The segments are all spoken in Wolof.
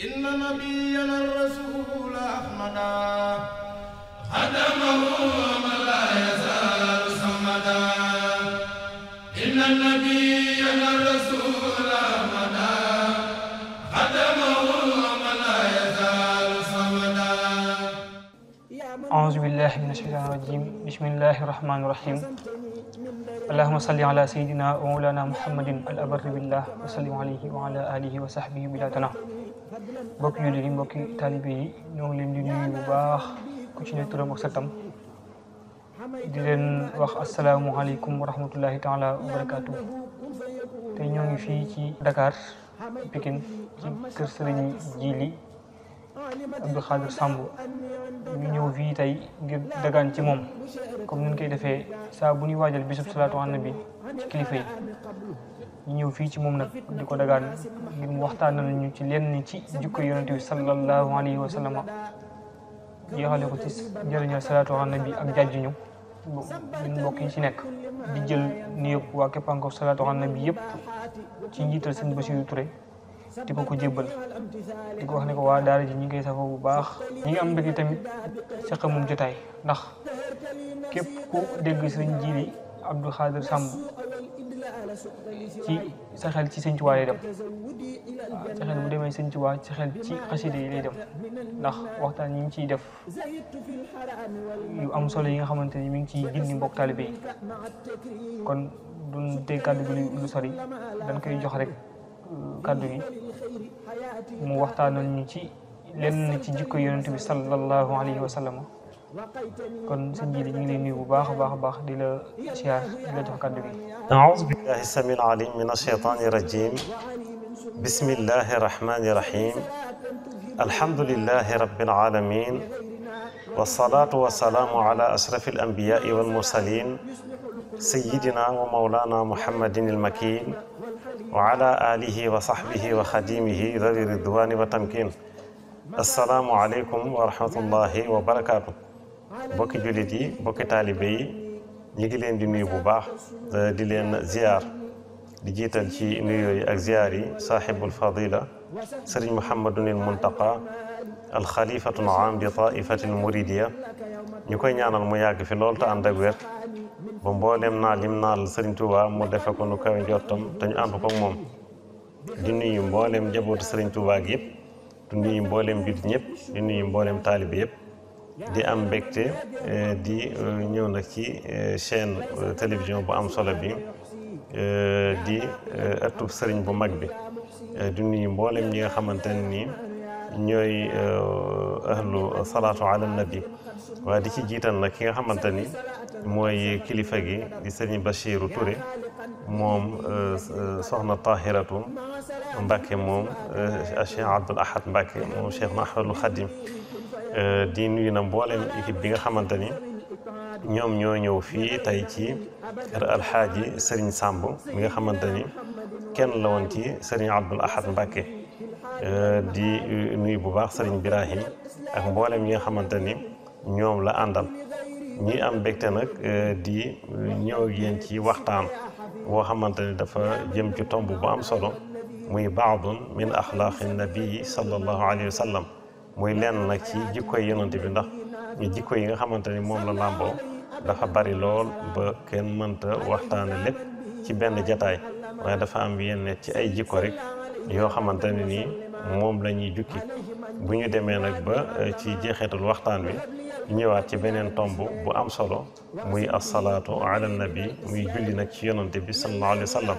إن نبينا الرسول أحمدا خدمه وما لا يزال صمدا إن نبينا الرسول أحمدا خدمه وما لا يزال صمدا أعوذ بالله من الشيطان الرجيم بسم الله الرحمن الرحيم اللهم صل على سيدنا ومولانا محمد الأبر بالله وسلم عليه وعلى آله وصحبه بلا تنام mbokki jullit yi mbokki taalibe yi ñoo ngi leen di nuyu bu baax ku ci ne turam ak santam di leen wax asalaamualeykum wa rahmatullahi taala wa barakaatu tey ñoo ngi fii ci Dakar Pikine ci kër sëriñ Jili Abdou Khadir Samb ñu ñëw fii tey ngir dagaan ci moom comme ni koy defee saa bu ñuy waajal bisub salaatu an ci kilifa yi ñu ñëw fii ci moom nag di ko dagaan ngir mu waxtaanal ñu ci lenn ci jikko yonent bi sallallahu alayhi wa sallam jeexale ko ci njëriñal salaatu ala nabi ak jàjj ñu ñun mbokk yi ci nekk di jël nuyoo waa Képpangoor salaatu ala nabi yëpp ci njiital seen Bassirou Touré di ko ko jébbal di ko wax ne ko waa daara ji ñi ngi koy safoo bu baax. ñu ngi am mbégte tamit sa xamum jotaay ndax képp ku dégg sëriñ ji li Abdou Khadir ci sa xel ci sëñ Tuubaa lay dem waaw sa xel bu demee sëñ Tuubaa sa xel ci xasida yi lay dem ndax waxtaan yi ngi ciy def yu am solo yi nga xamante ni mi ngi ciy gindi mbokk taalibe yi kon duñ kàddu gi lu sori dañ koy jox rek uh, kàddu gi mu waxtaanal ñu ci lenn ci jikko yonent bi sallallahu alayhi wa sallam kon sëñ ji ñu ngi lay nuyu bu baax a baax a baax di la siyaar di la jox kàddu gi aouzu billahi samil alim min ashaytani rajim bismillahi rahmani rahim alhamdulillahi rabbil alamin والصلاة والسلام على أشرف الأنبياء والمرسلين سيدنا ومولانا محمد المكين وعلى آله وصحبه وخديمه ذوي الرضوان والتمكين السلام عليكم ورحمة الله وبركاته mbokki jullit yi mbokki taalibe yi ñu ngi leen di nuyu bu baax eh, di leen ziar di jiital ci nuyu yi ak ziar yi saaxibul fadila sëriñ mu muntaqa alxalifatul aam di taifatil muridiya ñu koy ñaanal mu yàgg fi loolu te ànd ak wér ba mbooleem naal yim naal sëriñ Touba mu defe ko nu kawe njortam te ñu ànd ko moom di nuyu mbooleem njabootu sëriñ Touba yëpp di nuyu mbooleem jullit ñëpp di nuyu mbooleem taalibe yëpp di am mbégte eh, di eh, ñëw nag ci eh, chaîne télévision bu am solo bi di ëttub sëriñ bu mag bi di nuyu mboolem ñi nga xamante ne nii ñooy ahlu salaatu ala na waaye di ci jiital nag ki nga xamante ni mooy kilifa gi di sëriñ Bachiru Touré moom soxna Tahiratu Mbacke moom Cheikh Abdoul Ahad Mbacke moom Cheikh Mahamadul Khadim Euh, di nuyu na mboolem équipe bi nga xamante ni ñoom ñoo ñëw fii tey ci kër alxaaji sëriñ Samb mi nga xamante ni kenn la woon ci sëriñ Abdul Ahad Mbacke euh, di nuyu bu baax sëriñ Birahim ak mboolem yi nga xamante ni ñoom la àndal ñi am mbégte nag euh, di ñëw ak ci waxtaan woo xamante ni dafa jëm ci tomb bu am solo muy baadun min axlaaqi nabii sallallahu alayhi wa sallam muy lenn nag ci jikko yi yonent bi ndax jikko yi nga xamante ni moom la làmboo dafa bari lool ba kenn mënta waxtaane lépp ci benn jataay waaye dafa am yenn ci ay jikko rek yoo xamante ne nii moom la ñuy jukki bu ñu demee nag ba eh, ci jeexeetul waxtaan wi ñëwaat ci beneen tomb bu am solo muy asalaatu ala nabi muy julli nag ci yonante bi sallallahu alayhi wa sallam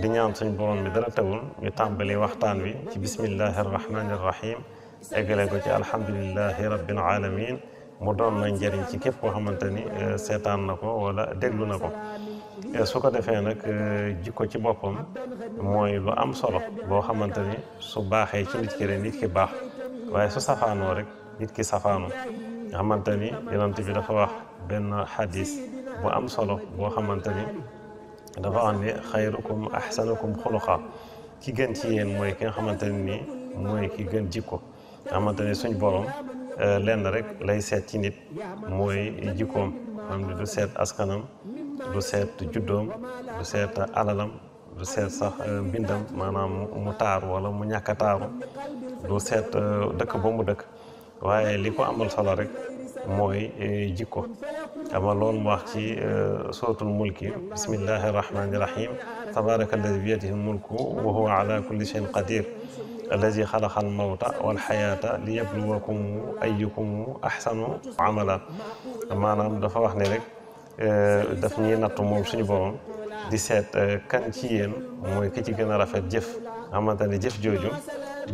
di ñaan suñ borom bi dara tawul ñu tàmbali waxtaan wi ci bismillahi arrahmani arrahim eggale ko ci alhamdulilahi rabbil alamin mu doon na njëriñ ci képp koo xamante ni eh, seetaan na ko wala déglu na ko eh, su ko defee nag eh, jikko ci boppam mooy lu am solo boo xamante ni su baaxee ci nit ki rek nit ki baax waaye su safaanoo rek nit ki safaanu nga xamante ni yonent bi dafa wax benn xadis bu am solo boo xamante ni dafa wax ne xayrukum ahsanukum xuluqa ki gën ci yéen mooy ki nga xamante ni mooy ki gën jikko nga xamante ne suñ borom euh, lenn rek lay seet ci nit mooy jikkoom xam ne du seet askanam du seet juddoom du seet alalam du seet sax euh, mbindam maanaam mu taaru wala mu ñàkk a taaru du seet euh, dëkk ba mu dëkk waaye li ko amal solo rek mooy jikko ama loolu mu wax ci suratul mulki bismillahi rahmani rahim tabaraka alladi biyadihi mulku wa huwa ala kulli shay'in qadir allazi xalaqa almawta wal xayaata li yabluwakum ayyukum ahsanu amala maanaam dafa wax ni rek euh, daf ñuy natt moom suñu borom di seet euh, kan ci yéen mooy ki ci gën a rafet jëf xamante ne jëf jooju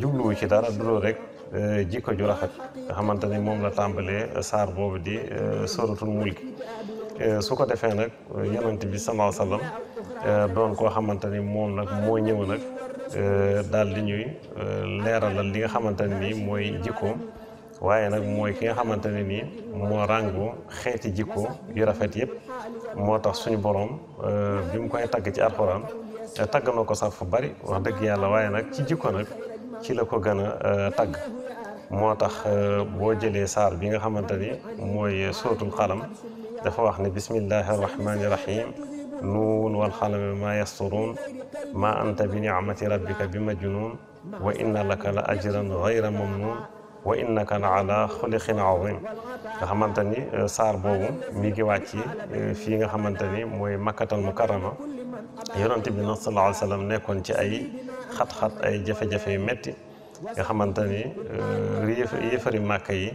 jubluwu ci dara duloo rek euh, jikko ju rafet nga xamante ni moom la tàmbalee saar boobu di suratul mulk su ko defee nag yonent bi sallallahu alayhi wa sallam doon koo xamante ni moom nag moo ñëw nag Euh, daal di ñuy euh, leeralal li nga xamante nii mooy jikkoom waaye nag mooy ki nga xamante ne nii moo ràngoo xeeti jikko yu rafet yëpp moo tax suñu borom euh, bi mu koy tagg ci alxuraan tagg na ko sax fu bari wax dëgg yàlla waaye nag ci jikko nag ci la ko gën a tagg moo tax boo jëlee saar bi nga xamante ni mooy sootul xalam dafa wax ne bismillahi rahmaani nuun wal xalami ma yasturuun ma anta bi nicmati rabbika bi majnuun wa inna laka la ajran gayra mamnuun wa innaka la ala xuliqin azim nga xamante ni euh, saar boobu mi ngi wàcc fii nga xamante ni mooy makkatal mukarrama yonent bi nag sallallahu nekkoon ci ay xat ay jafe yu metti nga xamante ni euh, yëfari màkk yi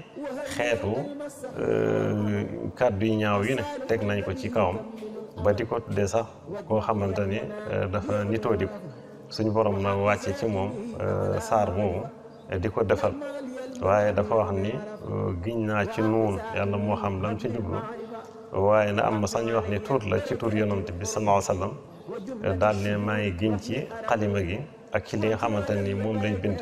xeetu euh, kàddu yu ñaaw yu ne teg nañ ko ci kawam ba di ko tuddee sax koo xamante ni euh, dafa nitoo di ko suñu borom nag wàcce ci moom euh, saar moomu euh, di ko defal waaye dafa wax ni giñ naa ci nuun yàlla moo xam lam ci jublu waaye na am ma sax ñu wax ni tuur la ci tuur yonante bi sallallahu alayhi daal ne maa ngi giñ ci xalima gi ak ci li nga xamante ni moom lañ bind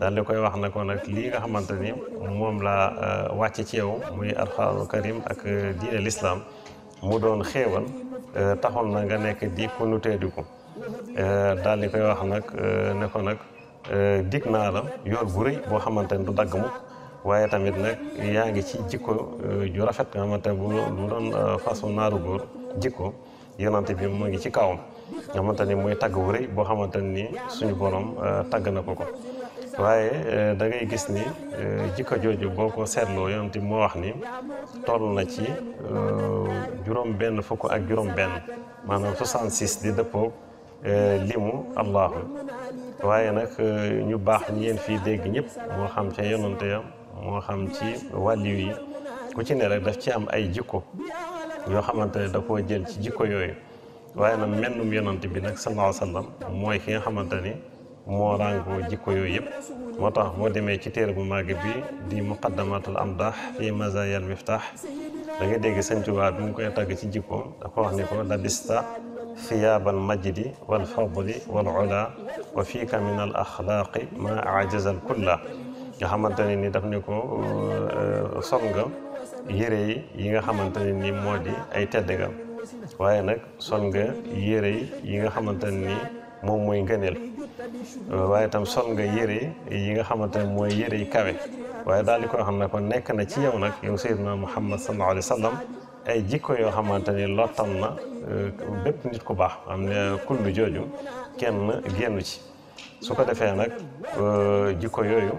daal di koy wax na ko nag nga xamante ni moom laa wàcce ci yow muy alxuraanul karim ak diine lislaam mu doon xéewal Euh, taxoon na nga nekk di ko nu tee di ko euh, daal di koy wax nag euh, ne ko nag dig naa la yoon bu rëy boo xamante ne du dagg mu waaye tamit nag yaa ngi ci jikko ju rafet nga xamante bu bu doon façon naaru góor jikko yonante bi mu ngi ci kawam nga xamante ni muy tagg wu rëy boo xamante ni suñu borom tagg na ko ko waaye eh, da ngay gis ni eh, jikko jooju boo ko seetloo yonent moo wax ni toll na ci eh, juróom benn fukk ak juróom benn maanaam 66 di dëppoo limu allahu waaye nag ñu baax ñi ngeen fii dégg ñëpp moo xam ca yonent ya moo xam ci wàlliw yi ku ci ne rek daf ci am ay jikko yoo xamante ne da koo jël ci jikko yooyu waaye nag mennum yonent bi nag sallallahu alayhi mooy ki nga xamante ni moo jikko yooyu yëpp moo tax moo demee ci téere bu màgg bi di muqaddamatul amdah fi mazayal miftah da nga dégg Sëñ bi mu koy tàgg ci jikkoom dafa wax ni ko labista fiyaabal majdi wal fadli wal ula wa fiika min al axlaaqi ma ajazal kulla nga xamante ne ni daf ne ko euh, sol nga yére yi yi nga xamante ne ni moo di ay tedd nag sol nga yére yi nga xamante ni moom mooy ngëneel waaye itam sol yére yi nga xamante ne mooy yére yi kawe waaye daal di ko xam ne ko nekk na ci yow nag yow Seydina Muhammad sallallahu alayhi wa sallam ay jikko yoo xamante ni lottal na euh, bépp nit ku baax am ne kullu jooju kenn génn ci su ko defee nag euh, jikko yooyu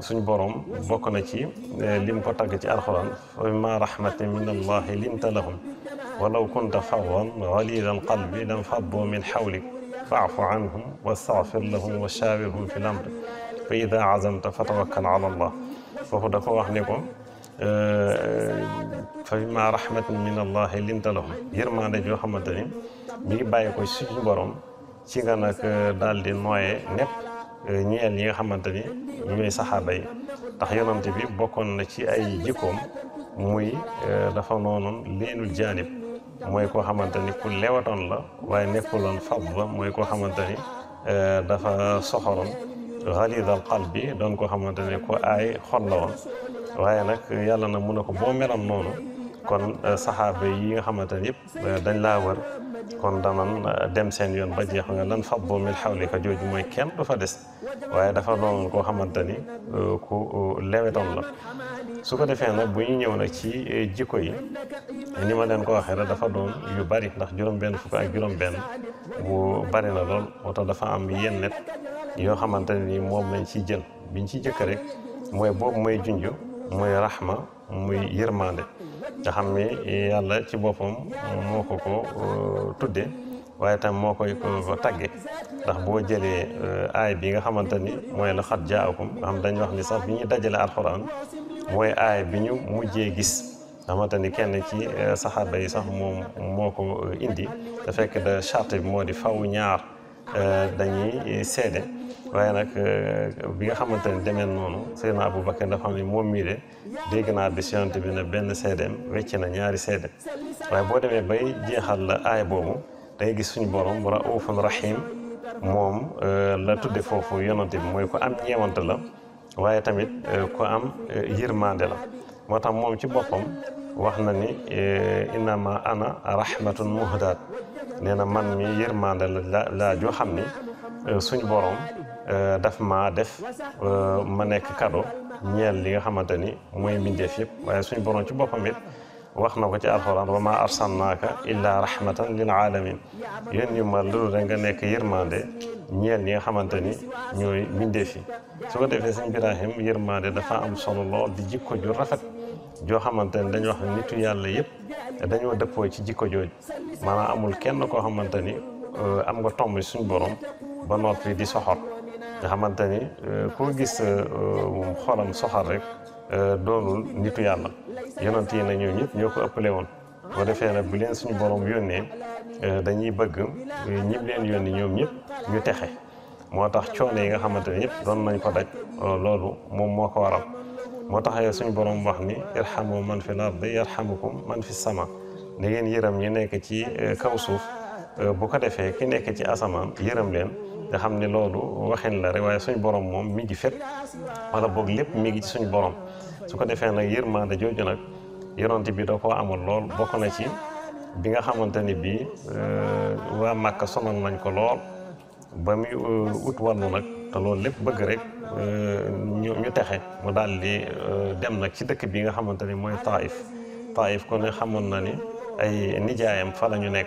suñ borom bokk na ci euh, lim ko tagg ci alxuraan fa bima rahmatin min allahi linta lahum walaw kunta fawwan ghalidal qalbi lam faddu min hawlik fa'fu anhum wastaghfir lahum wa shawirhum fil amr fa idha azamta fatawakkal ala allah foofu dafa wax ne ko fa bima rahmatin min allahi linta lahum yërmande joo xamante ni mi ngi bàyyi ko suñu borom ci nga nag daal di nooyee nepp ñeel yi nga xamante ni ñooy saxaaba yi ndax yonante bi bokkoon na ci ay jikkoom muy dafa noonoon leenul jaanib mooy koo xamante ni ku lewatoon la waaye nekkuloon fab ba mooy koo xamante ni eh, dafa soxoroon xalidal qalbi doon koo xamante ne ku aay xol la woon waaye nag yàlla na mun a ko boo melam noonu kon eh, saxaaba yi nga xamante ni yëpp eh, dañ laa wër kon danan dem seen yoon ba jeex nga lan fabbu min xawlika jooju mooy kenn du fa des waaye dafa doonoon koo xamante ni ku lewetoon la su ko defee nag bu ñu ñëw nag ci eh, jikko yi eh, ni ma leen ko waxee rek dafa doon yu bari ndax juróom-benn fukk ak juróom-benn bu bari na lool moo tax dafa am yenn net yoo xamante ni moom lañ ci jël biñ ci jëkk rek mooy boobu mooy junj muy rahma muy yërmande xam ni eh, yàlla ci boppam moo ko ko tuddee waaye tam moo koy ko tagge ndax boo jëlee aay bi nga xamante ni mooy la xat jaakum nga xam dañ wax ni sax bi ñuy dajale alxuraan mooy aay bi ñu mujjee gis xamante ni kenn ci eh, saxaaba yi sax moom moo ko eh, indi te fekk da charte bi moo di faw ñaar eh, dañuy seede waaye nag bi nga xamante ne demee noonu Seydina Aboubacar dafa xam ne moom mii dégg naa bi siyante bi ne benn seedeem wecc na ñaari seede waaye boo demee bay jeexal la aay boobu suñu borom raufun rahim moom la tudde foofu yonante bi mooy ko am ñeewante la waaye tamit eh, ku am eh, yërmande la moo tax moom ci boppam wax na ni eh, innama ana rahmatun muhdaat nee na man mi yërmande la laa joo xam ni suñu borom daf ma def ma nekk kado ñeel li nga xamante ni mooy mbindeef yëpp waaye suñ borom ci boppam wax na ko ci alxuraan wa maa arsalnaaka illaa rahmatan lil alamin yéen ñu ma loolu da nga nekk yërmande ñeel ñi nga xamante ni ñooy bindeef yi su ko defee sëñ Ibrahim yërmaande dafa am solo lool di jikko ju rafet joo xamante ni dañoo xam nitu yàlla yëpp dañoo dëppoo ci jikko jooju maanaam amul kenn koo xamante ni euh, am nga tomb suñ borom ba noppi di soxor nga xamante ni euh, koo gis euh, xolam soxor rek doonul nitu yàlla yonent yi na ñoo ñëpp ñoo ko ëppale woon boo defee nag bu leen suñu borom yónnee eh, dañuy bëgg eh, ñib leen yónni ñoom ñëpp ñu texe moo tax coono yi nga xamante ne ñëpp doon nañ ko daj eh, loolu moom moo ko waral moo tax suñu borom wax ni irhamu man fi l-ardi yarhamukum man fi sama na ngeen yërëm ñu nekk ci kaw suuf bu ko defee ki nekk ci asamaan yërëm leen nga xam ne loolu waxin la rek waaye suñu borom moom mi ngi fépp wala boog lépp mi ngi ci suñu borom su ko defee nag yërmande jooju nag yonent bi da koo amoon lool bokk na ci bi nga xamante ni bii euh, waa Màkka sonal nañ ko lool ba muy euh, ut wàllu nag te loolu lépp bëgg rek euh, ñu ñu texe mu daal di dem nag ci dëkk bi nga xamante ni mooy Taif Taif kon xamoon na ni ay nijaayam fa la ñu nekk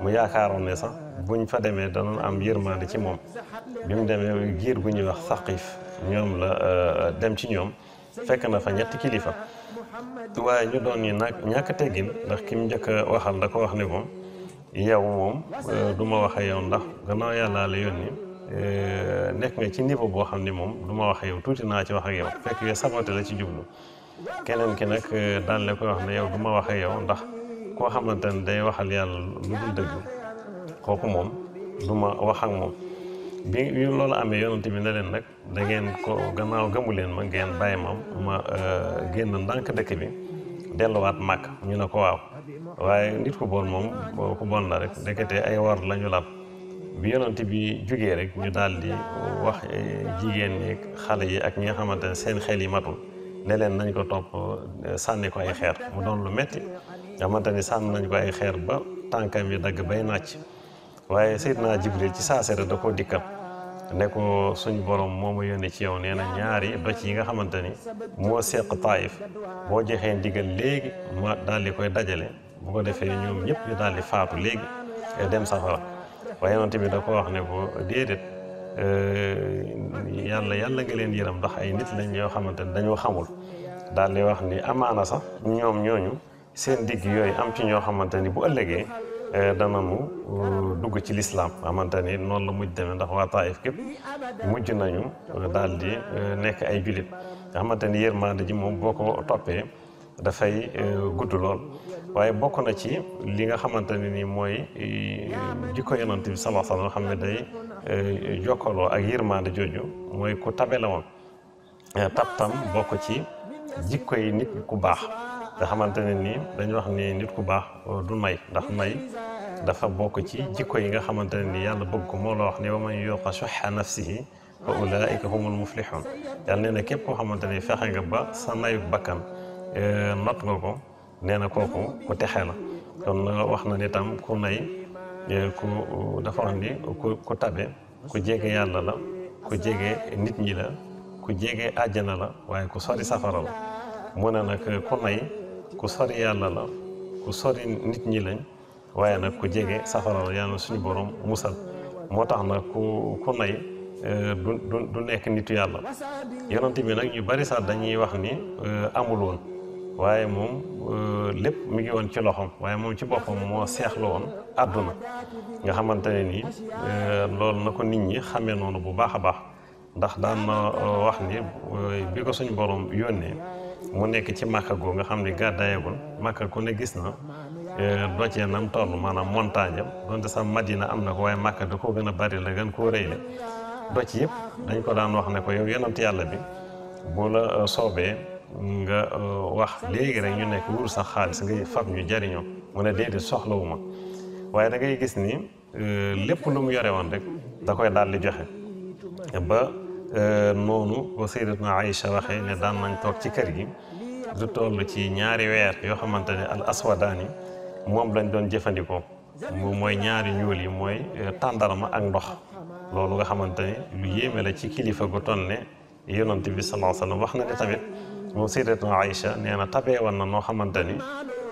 mu yaakaaroon ne sax buñ fa demee danoon am yërmande ci moom bi mu demee giir gu ñuy wax Saqif ñoom la dem ci ñoom fekk na fa ñetti kilifa. waaye ñu doon yi nag ñàkk teggin ndax ki mu njëkk a waxal da ko wax ne moom yow moom euh, du ma wax ak yow ndax gannaaw yàllaa la yónni euh, nekk nga ci niveau boo xam ne moom du ma wax ak yow tuuti naa ci wax a yow fekk yow sabote la ci jublu keneen ki nag euh, daal la koy wax ne yow du ma wax yow ndax koo xamante ne day waxal yàlla lu dul dëgg kooku moom du ma wax ak moom bi bi loolu amee yonent bi ne leen nag da ngeen ko gannaaw gëmu leen ma ngeen bàyyi ma ma euh, génn ndànk dëkk bi delluwaat màkk ñu ne ko waaw waaye nit ku bon moom ku bon la rek ndekete ay war la ñu bi yonent bi jugee rek ñu daal di wax eh, jigéen xale yi ak ñi nga xamante ne seen xel yi matul ne leen nañ ko topp eh, sànni ko ay xeer mu doon lu metti nga xamante ni sànn nañ ko ay xeer ba tànkam yi dagg bay nàcc waaye seet Seydina Jibril ci saa seet da koo dikkal ne ko suñu borom moo ma yónnee ci yow nee na ñaari doj yi nga xamante ni moo seq taayif boo joxee ndigal léegi ma daal di koy dajale bu ko defee ñoom ñëpp ñu daal di faatu léegi dem safara waaye yonent bi da ko wax ne ko déedéet eh, yàlla yàlla nga leen yëram ndax ay nit lañ yoo xamante ni dañoo xamul daal di wax ni amaana sax ñoom ñooñu seen digg yooyu am ci ñoo xamante ni bu ëllëgee. mu eh, euh, dugg ci lislaam xamante ni noonu la mujj demee ndax waa Taif képp mujj nañu euh, daal euh, nekk ay jullit nga xamante ni yërmande ji moom boo ko toppee dafay gudd lool waaye bokk na ci li nga xamante ne ni mooy jikko yonent bi sallallahu alayhi wasallam xam ne day jokkaloo ak yërmande jooju mooy ku tabe la woon eh, tab tam bokk ci jikko yi nit ku baax nga xamante ne nii dañu wax ni nit ku baax du may ndax may dafa bokk ci jikko yi nga xamante ne nii yàlla bëgg ko moo la wax ni wa man yuqa suxa nafsihi fa ulaika humul muflihun yàlla nee na képp koo xamante ni fexe nga ba sa nayu bakkan euh, not nga ko nee na kooku ku texe la kon wax na ni tam ku nay euh, ku dafa wax ni ku ku tabe ku jege yàlla la ku jege nit ñi la ku jege àjjana la waaye ku sori safara la mu ne nag ku nay ku sori yàlla la ku sori nit ñi lañ waaye nag ku jege safara la yàlla suñu borom musal moo tax nag ku ku nay euh, du du nekk nitu yàlla yonent bi nag ñu bari sax dañuy wax ni euh, amul woon waaye moom euh, lépp mu ngi woon ci loxoom waaye moom ci boppam moo seexlu woon àdduna nga xamante ne ni loolu na ko nit ñi xame noonu bu baax a baax ndax daan na wax ni bi ko suñu borom yónnee mu nekk ci màkka goo nga xam ni gàddaayagul màkka ku ne gis na eh, dojee nam toll maanaam montagne am donte sax madina am na ko waaye màkka da koo gën a bari la gën koo rëy doj yëpp dañ ko daan wax ne ko yow yonent yàlla bi bu la eh, soobee nga eh, wax léegi rek ñu nekk wur sax xaalis ngay fab ñu jariñoo mu ne déedéet soxlawu ma waaye da gis ni lépp lu mu yore woon rek da koy daal di joxe ba Euh, noonu ba sayyidatuna Aïcha waxee ne daan nañ toog ci kër gi du toll ci ñaari weer yoo xamante ne al aswadaani moom lañ doon jëfandikoo moom mooy ñaari ñuul yi mooy euh, tàndarma ak ndox loolu nga xamante ne lu yéeme la ci kilifa gu toll ne yonante bi sallallahu alayhi wax na tamit moom sayyidatuna Aïcha nee na tabee woon na noo xamante ni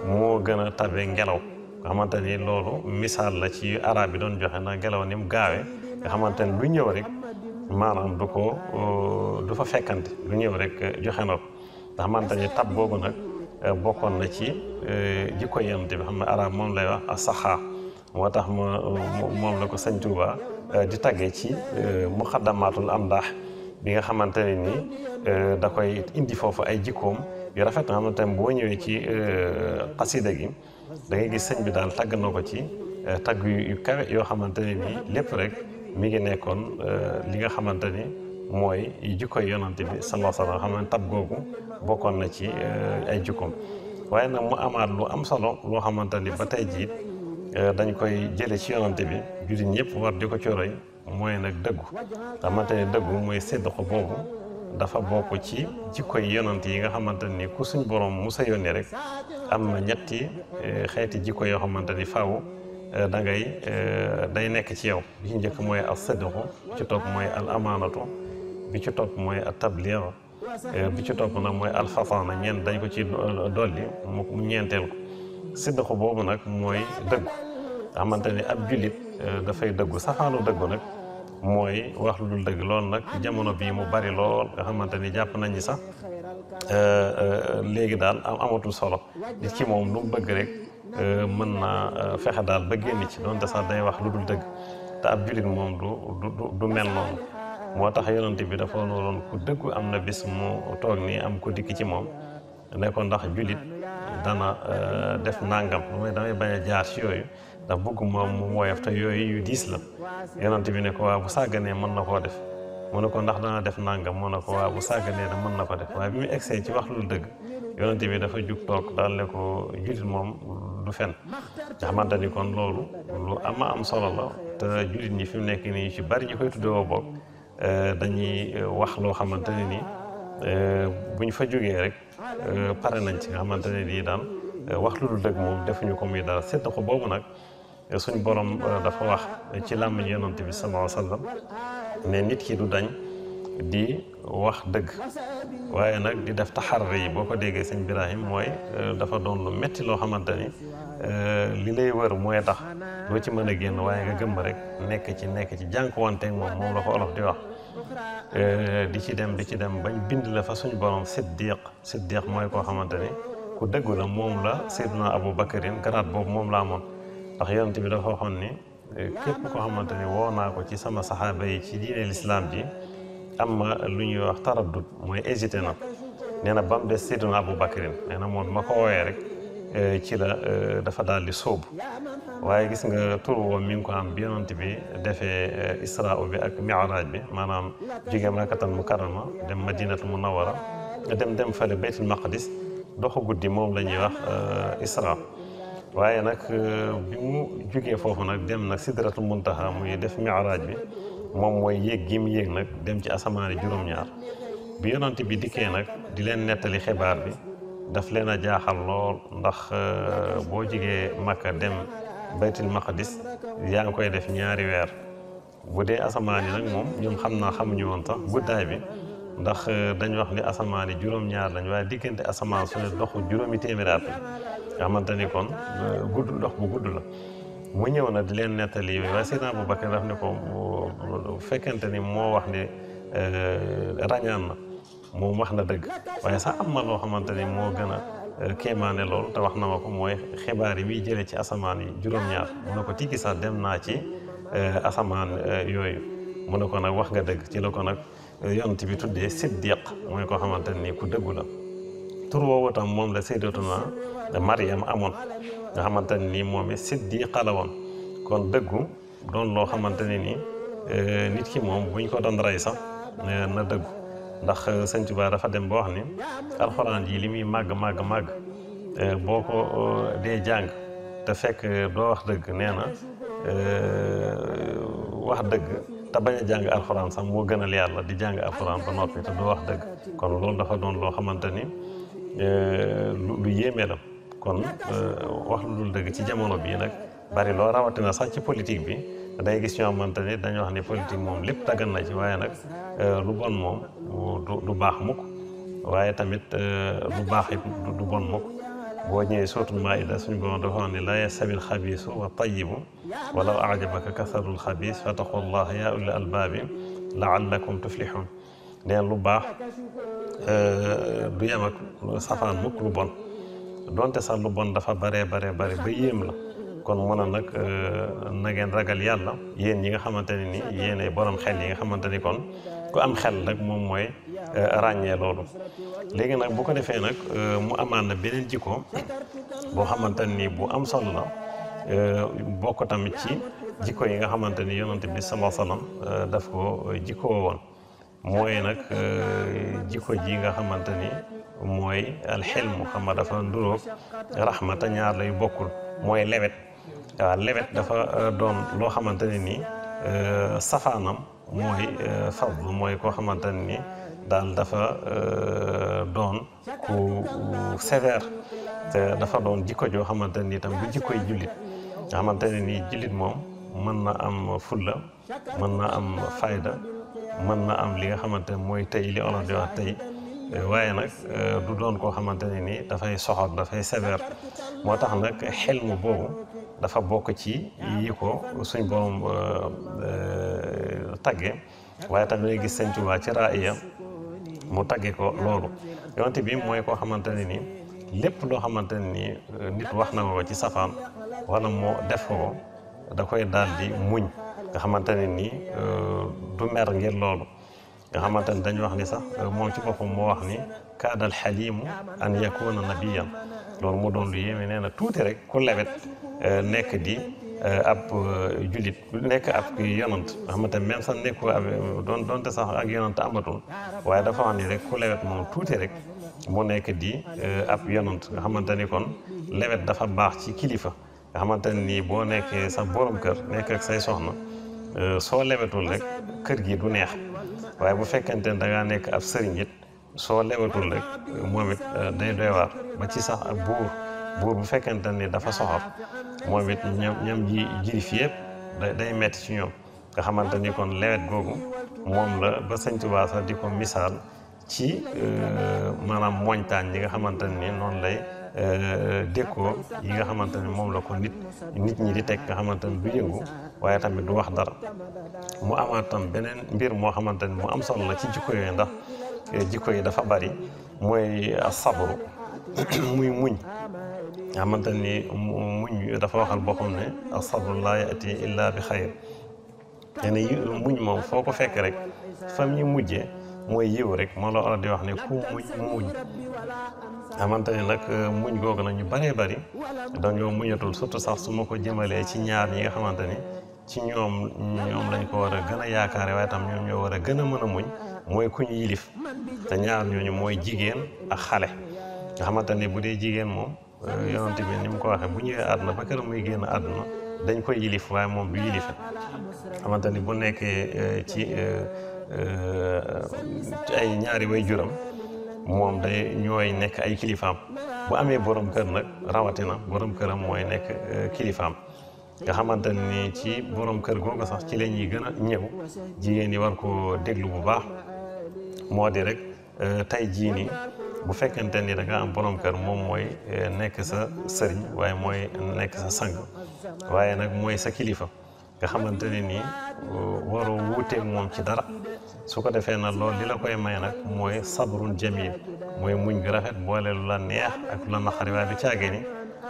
moo gën a tabe ngelaw nga xamante ni loolu misaal la ci arab yi doon joxe na ngelaw ni mu gaawee xamante ne lu ñëw rek maanaam du ko euh, du fa fekkante du ñëw rek euh, joxe na ndax man tamit tab boobu nag euh, bokkoon na ci jikko yonent bi xam ne arab moom lay wax a asaxaa moo tax ma moom la ko sëñ Tuuba di taggee ci muqaddamatul am ndax bi nga xamante ne ni da koy indi foofu ay jikkoom yu rafet nga xamante boo ñëwee ci xasida gi dangay gis sëñ bi daal tagg na ko ci tagg yu kawe yoo xamante ne ni lépp rek mi ngi nekkoon euh, li nga xamante ni mooy jikkoy yonante bi sallallahu alayhi wa sallam tab googu bokkoon na ci euh, ay jikkoom waaye nag mu amaat lu am solo loo xamante ni ba tey jii euh, dañ koy jële ci yonante bi jullit ñëpp war di ko ci roy mooy nag dëggu xamante ni dëggu mooy sédd ko boobu dafa bokk ci jikkoy yonante yi nga xamante ni ku suñ borom musa yónni rek am na ñetti xeeti jikko yoo xamante ni faaw Euh, da ngay euh, day nekk ci yow bi ci njëkk mooy al sadqu bi ci topp mooy al amaanatu bi ci topp mooy al tabliir euh, bi ci topp nag mooy al xasaana ñeent dañ ko ci dolli mu ñeenteel ko sidqu boobu nag mooy dëggu xamante ni ab jullit dafay dëggu saxaanu dëggu nag mooy wax lu dëgg lool nag jamono bii mu bari lool nga xamante ni jàpp nañ ni sax léegi daal am amatul solo ci moom lu mu bëgg rek Euh, mën naa euh, fexe daal ba génn ci doonte sax day wax lu dul dëgg te ab jullit moom du du du mel noonu moo tax yonent bi dafa nooroon ku dëggu am na bis mu toog nii am ku dikk ci moom ne ko ndax jullit dana euh, def nangam lu may damay bañ a jaar ci yooyu ndax bëgg moom mu woyof te yooyu yu diis la yonent bi ne ko waa bu sàgganee mën na koo def mu ne ko ndax dana def nangam mu ne ko waa bu sàgganee da mën na ko def waaye bi mu egsee ci wax lu dëgg yonente bi dafa jug toog daal ne ko jullit moom du fen nga xamante ni kon loolu lu ama am solo la te jullit ñi fi mu nekk nii ci bari ñi koy tuddewoo bokk eh, dañuy eh, wax loo xamante ne nii eh, bu ñu fa jógee rek pare nañ ci nga xamante ne nii daan wax lu dul dëgg moom defuñu ko muy dara seet ko boobu nag suñ borom dafa wax ci làmmiñ yonante bi sallallahu alayhi wasallam ne nit ki du dañ di wax dëgg waaye nag di def taxarre yi boo ko déggee sëñ Birahim mooy euh, dafa doon lu metti loo xamante ni euh, li lay wër mooy tax doo ci mën a génn waaye nga gëmm rek nekk ci nekk ci jànkuwanteeg moom moom la ko olof di euh, di ci dem di ci dem bañ bind la fa suñu borom siddiq siddiq mooy koo xamante ni ku dëggu la moom la Seydina Abu Bakarin garaat boobu moom laa amoon ndax yonent bi dafa waxoon ni képp koo xamante ni woo naa ko ci sama saxaaba yi ci diine lislaam ji am ma lu ñuy wax taraddut mooy hésité na nee na ba mu des Seydina Abu Bakrin nee na moom ma ko woowee rek euh, ci la euh, dafa daal di sóobu waaye gis nga tur woom mi ngi ko am bi yonent bi defee euh, isra bi ak miraaj bi maanaam ma Makkatal Mukarrama dem Madinatul Munawwara dem dem fa fële Baytul Maqdis doxu guddi moom la ñuy wax isra waaye nag bi mu jógee foofu nag dem nag sidratul muntaha muy def miraaj bi moom mooy yéeg gi mu yéeg nag dem ci asamaani juróom-ñaar bi yonent bi dikkee nag di leen nettali xibaar bi daf leen a jaaxal lool ndax euh, boo jigee Makka dem baytil maqdis yaa ngi koy def ñaari weer bu dee asamaan yi nag moom ñoom xam naa xamuñu woon sax guddaay bi ndax euh, dañ wax ni asamaan yi juróom-ñaar lañ waaye diggante asamaan su ne doxu juróomi téeméeraat bi nga xamante ni kon euh, gudd dox bu gudd la mu ñëw na di leen nettali yi waaye Seydina Aboubacar daf ne ko bu fekkente ni moo wax ne euh, rañaan na moom wax na dëgg waaye sax am na loo xamante ni moo gën a euh, kéemaane loolu te wax na ma ko mooy xibaar yi muy jëlee ci asamaan yi juróom-ñaar mu ne ko tigi sax dem naa ci euh, asamaan yooyu mu ne ko nag wax nga dëgg ci la ko nag yonent bi tuddee siddiq mooy koo xamante ni ku dëggu la tur woowu tam moom la sayyidatuna Maryam amoon nga xamante ne nii moom it siddiqa la woon kon dëggu doon loo xamante ne nii eh, nit ki moom ñu ko doon rey sax eh, na dëggu ndax eh, sëñ Tuubaa dafa dem ba wax ni alxuraan yi li muy màgg màgg màgg boo ko dee jàng te fekk doo wax dëgg nee na wax dëgg te bañ a jàng alxuraan sax moo gënal yàlla di jàng alxuraan ba noppi te doo wax dëgg kon loolu dafa doon loo xamante ni lu lu yéeme la kon euh, wax lu dul dëgg ci jamono bii nag bari loo rawatina sax ci politique bi day gis ñoo xamante ne dañoo wax ne politique moom lépp daggan na ci waaye nag euh, lu bon moom du baax mukk waaye tamit euh, lu baax it du bon mukk boo ñëwee sootul maayida suñu borom dafa wax ne laa yastawil xabiisu wa tayibu walaw ajabaka kasarul xabiis fattaqullaha yaa ulil albaabi laallakum tuflixuun neen lu baax du yem ak safaan mukk lu bon donte sax lu bon dafa baree baree bare ba yéem la kon mën a nag euh, na ngeen ragal yàlla yéen yi nga xamante ne ni yéenay borom xel yi nga xamante ni kon ku am xel nag moom mooy euh, ràññee loolu. léegi nag bu ko defee nag euh, mu amaan na beneen jikko boo xamante ni bu am solo la bokk tamit ci jikko yi nga xamante ni yonante bi sallallahu alayhi wasallam daf ko jikkoo woon mooy nag jikko ji nga xamante ni. mooy alxilmu xam nga dafa nduróog raxmata ñaar lay bokkul mooy lewet waaw lewet dafa euh, doon loo xamante ne ni euh, safaanam mooy euh, fadl mooy koo xamante ne ni daal dafa doon ku sévère te dafa doon jikko joo xamante ne ni itam bu jikkoy jullit nga xamante ne ni jullit moom mën na am fulla mën na am fayda mën na am li nga xamante mooy tey li olof di wax tey Euh, waaye nag euh, du doon koo xamante ne ni dafay soxor dafay sévère moo tax nag xelmu boobu dafa bokk ci yi ko suñ borom euh, tagge waaye tam ngay gis Sëñ Tuubaa ci raaya mu tagge ko loolu yonte bi mooy koo xamante ne ni lépp loo xamante ne ni nit wax na ko ci safaan wala moo def ko da koy daal di muñ nga xamante nii ni du mer ngir loolu nga xamante ne dañu wax ni sax euh, moom ci boppam moo wax ni kaadal xaliimu an yakuna nabiyan loolu moo doon lu yéeme nee na tuuti rek ku lewet euh, nekk di euh, ab jullit nekk ab yonant même sax nekku ab doon doonte sax ak yonant amatul waaye dafa wax ni rek ku lewet moom tuuti rek mu nekk di ab yonant nga xamante ni kon lewet dafa baax ci kilifa nga xamante ne nii boo nekkee sax borom kër nekk ak say soxna soo lewetul rek kër gi du neex waaye bu fekkente ni dangaa nekk ab sëriñ soo lewatul rek moom it euh, day doy waar ba ci sax ak buur buur bu fekkente ni dafa soxor moom it ñam ñam ji jirif yëpp day metti ci ñoom nga xamante ni kon lewet googu moom la ba sëñ Tuubaa sax di ko misaal ci euh, maanaam montagne yi nga xamante ni noonu lay Euh, dékoo yi nga xamante ne moom la ko nit nit ñi di teg nga xamante ne du yëngu waaye tamit du wax dara mu amaat tam beneen mbir moo xamante ne mu am solo la ci jikko yooyu ndax eh, jikko yi dafa bari mooy sabru muy muñ nga xamante ni muñ dafa waxal boppam ne sabru laa yaati illa bi xayr nee muñ moom foo ko fekk rek fam ñi mujjee mooy yiw rek moo la di wax ne ku muñ muñ xamante ah, ne nag euh, muñ googu na ñu bëree bëri dañoo muñatul surtout sax su ma ko jëmalee ci ñaar ñi nga xamante ni ci ñoom ñoom lañ ko war a gën a yaakaare waaye tam ñoom ñoo war a gën a mën a muñ mooy ku ñu yilif te ñaar ñooñu mooy jigéen ak xale nga xamante ni bu dee jigéen moom Euh, yonante bi ni mu ko waxee bu ñëwee àdduna ba këram muy génn àdduna dañ koy yilif waaye moom du yilife xamante ni bu nekkee euh, ci euh, ay ñaari way juram moom day ñooy nekk ay kilifaam bu amee borom kër nag rawatina boroom këram mooy nekk kilifaam nga xamante ni ci borom kër googu sax ci la ñuy gën a ñëw jigéen ñi war ko déglu bu baax moo di rek tey jii bu fekkente ni da am boroom kër moom mooy eh, nekk sa sëriñ waaye mooy nekk sa sang waaye nag mooy sa kilifa nga xamante ne nii eh, waroo wuuteeg moom ci dara su ko defee na loolu li la koy may nag mooy sabarul jamil mooy muñ gu rafet boole lu la neex ak lu la naqari waaye du caagee ni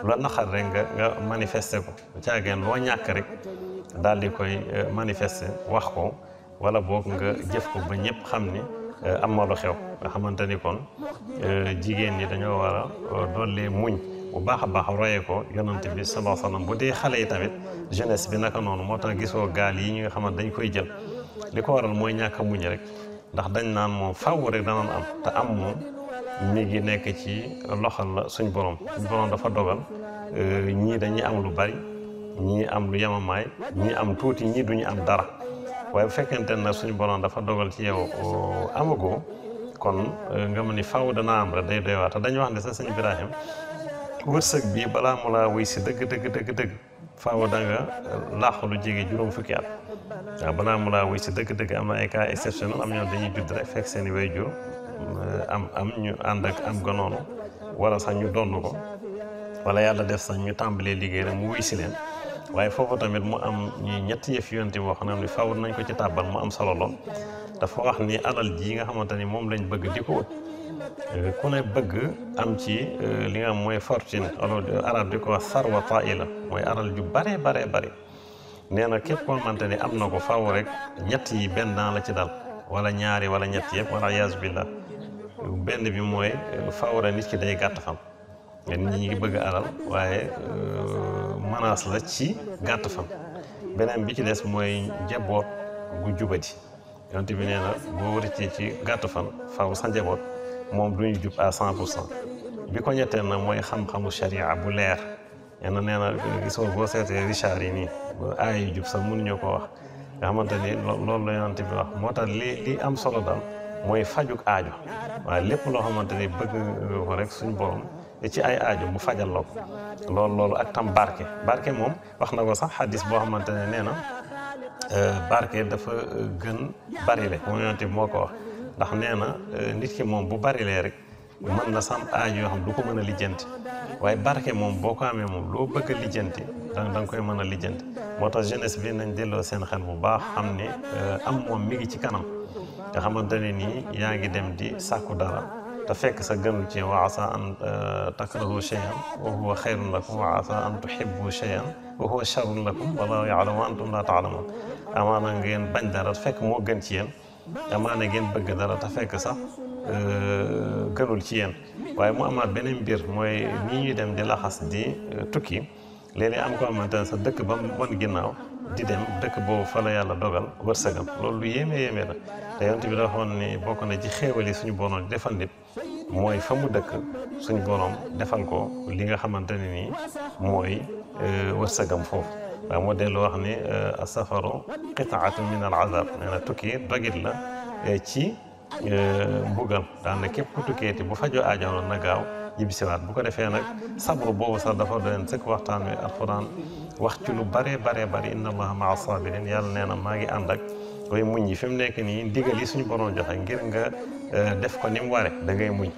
lu la naqar rek nga nga manifester ko du caagee loo ñàkk rek daal di koy eh, manifester wax ko wala boog nga jëf ko ba ñëpp xam ni. Euh, am moo lu xew nga xamante ni kon euh, jigéen ñi dañoo war a euh, dolli muñ bu baax a baax royee ko yonante bi sallallahu alayhi wasallam bu dee xale yi tamit jeunesse bi naka noonu moo tax gisoo gaal yi ñi nga xamante dañ koy jël li ko waral mooy ñàkk a muñ rek ndax dañ naan moom faaw rek danañ am te am moom mi ngi nekk ci loxal la suñ borom suñ borom dafa dogal ñii dañuy am lu bari ñii am lu yemamaay ñii am tuuti ñii duñu am dara waaye bu fekkente ne nag suñu borom dafa dogal ci yow amagoo kon euh, nga mu ni faw danaa am rek day doy waar te dañu wax ne sax sëñ Ibrahim wërsëg bi balaa mu laa wuy si dëgg dëgg dëgg dëgg faaw da euh, lu jege juróom fukki at waaw balaa mu laa wuy si dëgg dëgg am na ay cas am ñoo dañuy judd rek fekk seen i euh, am am ñu ànd ak am ga noonu wala sax ñu donn ko wala yàlla def sax ñu tàmbalee liggéey rek mu wuy si leen waaye foofu tamit mu am ñuy ñetti yëf yonent bi wax naam ni faaw nañ ko ci tàbbal mu am solo lool dafa wax ni alal ji nga xamante ni moom lañ bëgg di ko wut euh, ku ne bëgg am ci euh, li nga xam mooy fortune alors di ko wax sarwa taila mooy alal ju bare bare bare nee na képp koo xamante ni am na ko faw rek ñett yi benn daan la ci dal wala ñaari wala ñett yëpp wala yaasu billah benn bi mooy euh, faaw rek nit ki day gàtt xam nga nit ñi ngi bëgg alal waaye menace la ci gàtt fan beneen bi ci des mooy njaboot gu jubati yonte bi nee na boo rëccee ci gàtt fan faw sa njaboot moom du ñu jub à cent pour cent bi ko ñetteel na mooy xam-xamu sharia bu leer nee na na euh, gisoo boo seetee Richard yi nii aay yu jub sax mënuñu ko wax nga xamante ni loolu la yonte bi wax moo tax li li am solo daal mooy fajuk aajo waaye lépp loo xamante ni bëgg ko rek suñ borom ci ay ajo mu fajal la ko loolu loolu ak tam barke barke moom wax na ko sax xadis boo xamante ne nee na euh, barke dafa euh, gën barile moom bi moo ko wax ndax nee na euh, nit ki moom bu bari barilee rek mën na sam aajo yoo xam du ko mën a lijjanti waaye barke moom boo ko amee moom loo bëgg a lijjanti da nga koy mën a lijjanti moo tax jeunesse bi nañ delloo seen xel bu baax xam ne am moom mi ngi ci kanam nga xamante ne nii yaa ngi dem di sàkku dara te fekk sa gënu ci wa asa an euh, takrahu shay'an wa huwa xayrun lakum wa asa an tuhibbu shay'an wa huwa sharrun lakum wallahu ya'lamu wa antum la ta'lamun amaana ngeen bañ dara te fekk moo gën ci yéen amaana ngeen bëgg dara te sax euh, gënul ci waaye mu amaat beneen mooy ni ñuy dem di laxas di euh, tukki léeg am ko xamante ne sa dëkk ba mu bon ginnaaw di dem dëkk boobu fa la yàlla dogal wërsëgam loolu lu yéeme yéeme la te yonent bi dafa waxoon ni bokk na ci xéewal yi suñu bonoon defal nit mooy fa mu dëkk suñu bonoom defal ko li nga xamante ne nii mooy euh, wërsëgam foofu waaw moo dellu wax ni euh, safaru qitaatun min al azab nee na tukki dogit la euh, ci mbugal daan na képp ku tukkeeti bu fajoo aajoon na gaaw ñibbisiwaat bu ko defee nag sabru boobu sax dafa doon sëkk waxtaan wi alxuraan wax ci lu baree baree bari inna allaha maa sabirin yàlla nee na maa ngi ànd ak way muñ yi fi mu nekk nii ndigal yi suñu borom joxe ngir nga eh, def ko ni mu ware da ngay muñ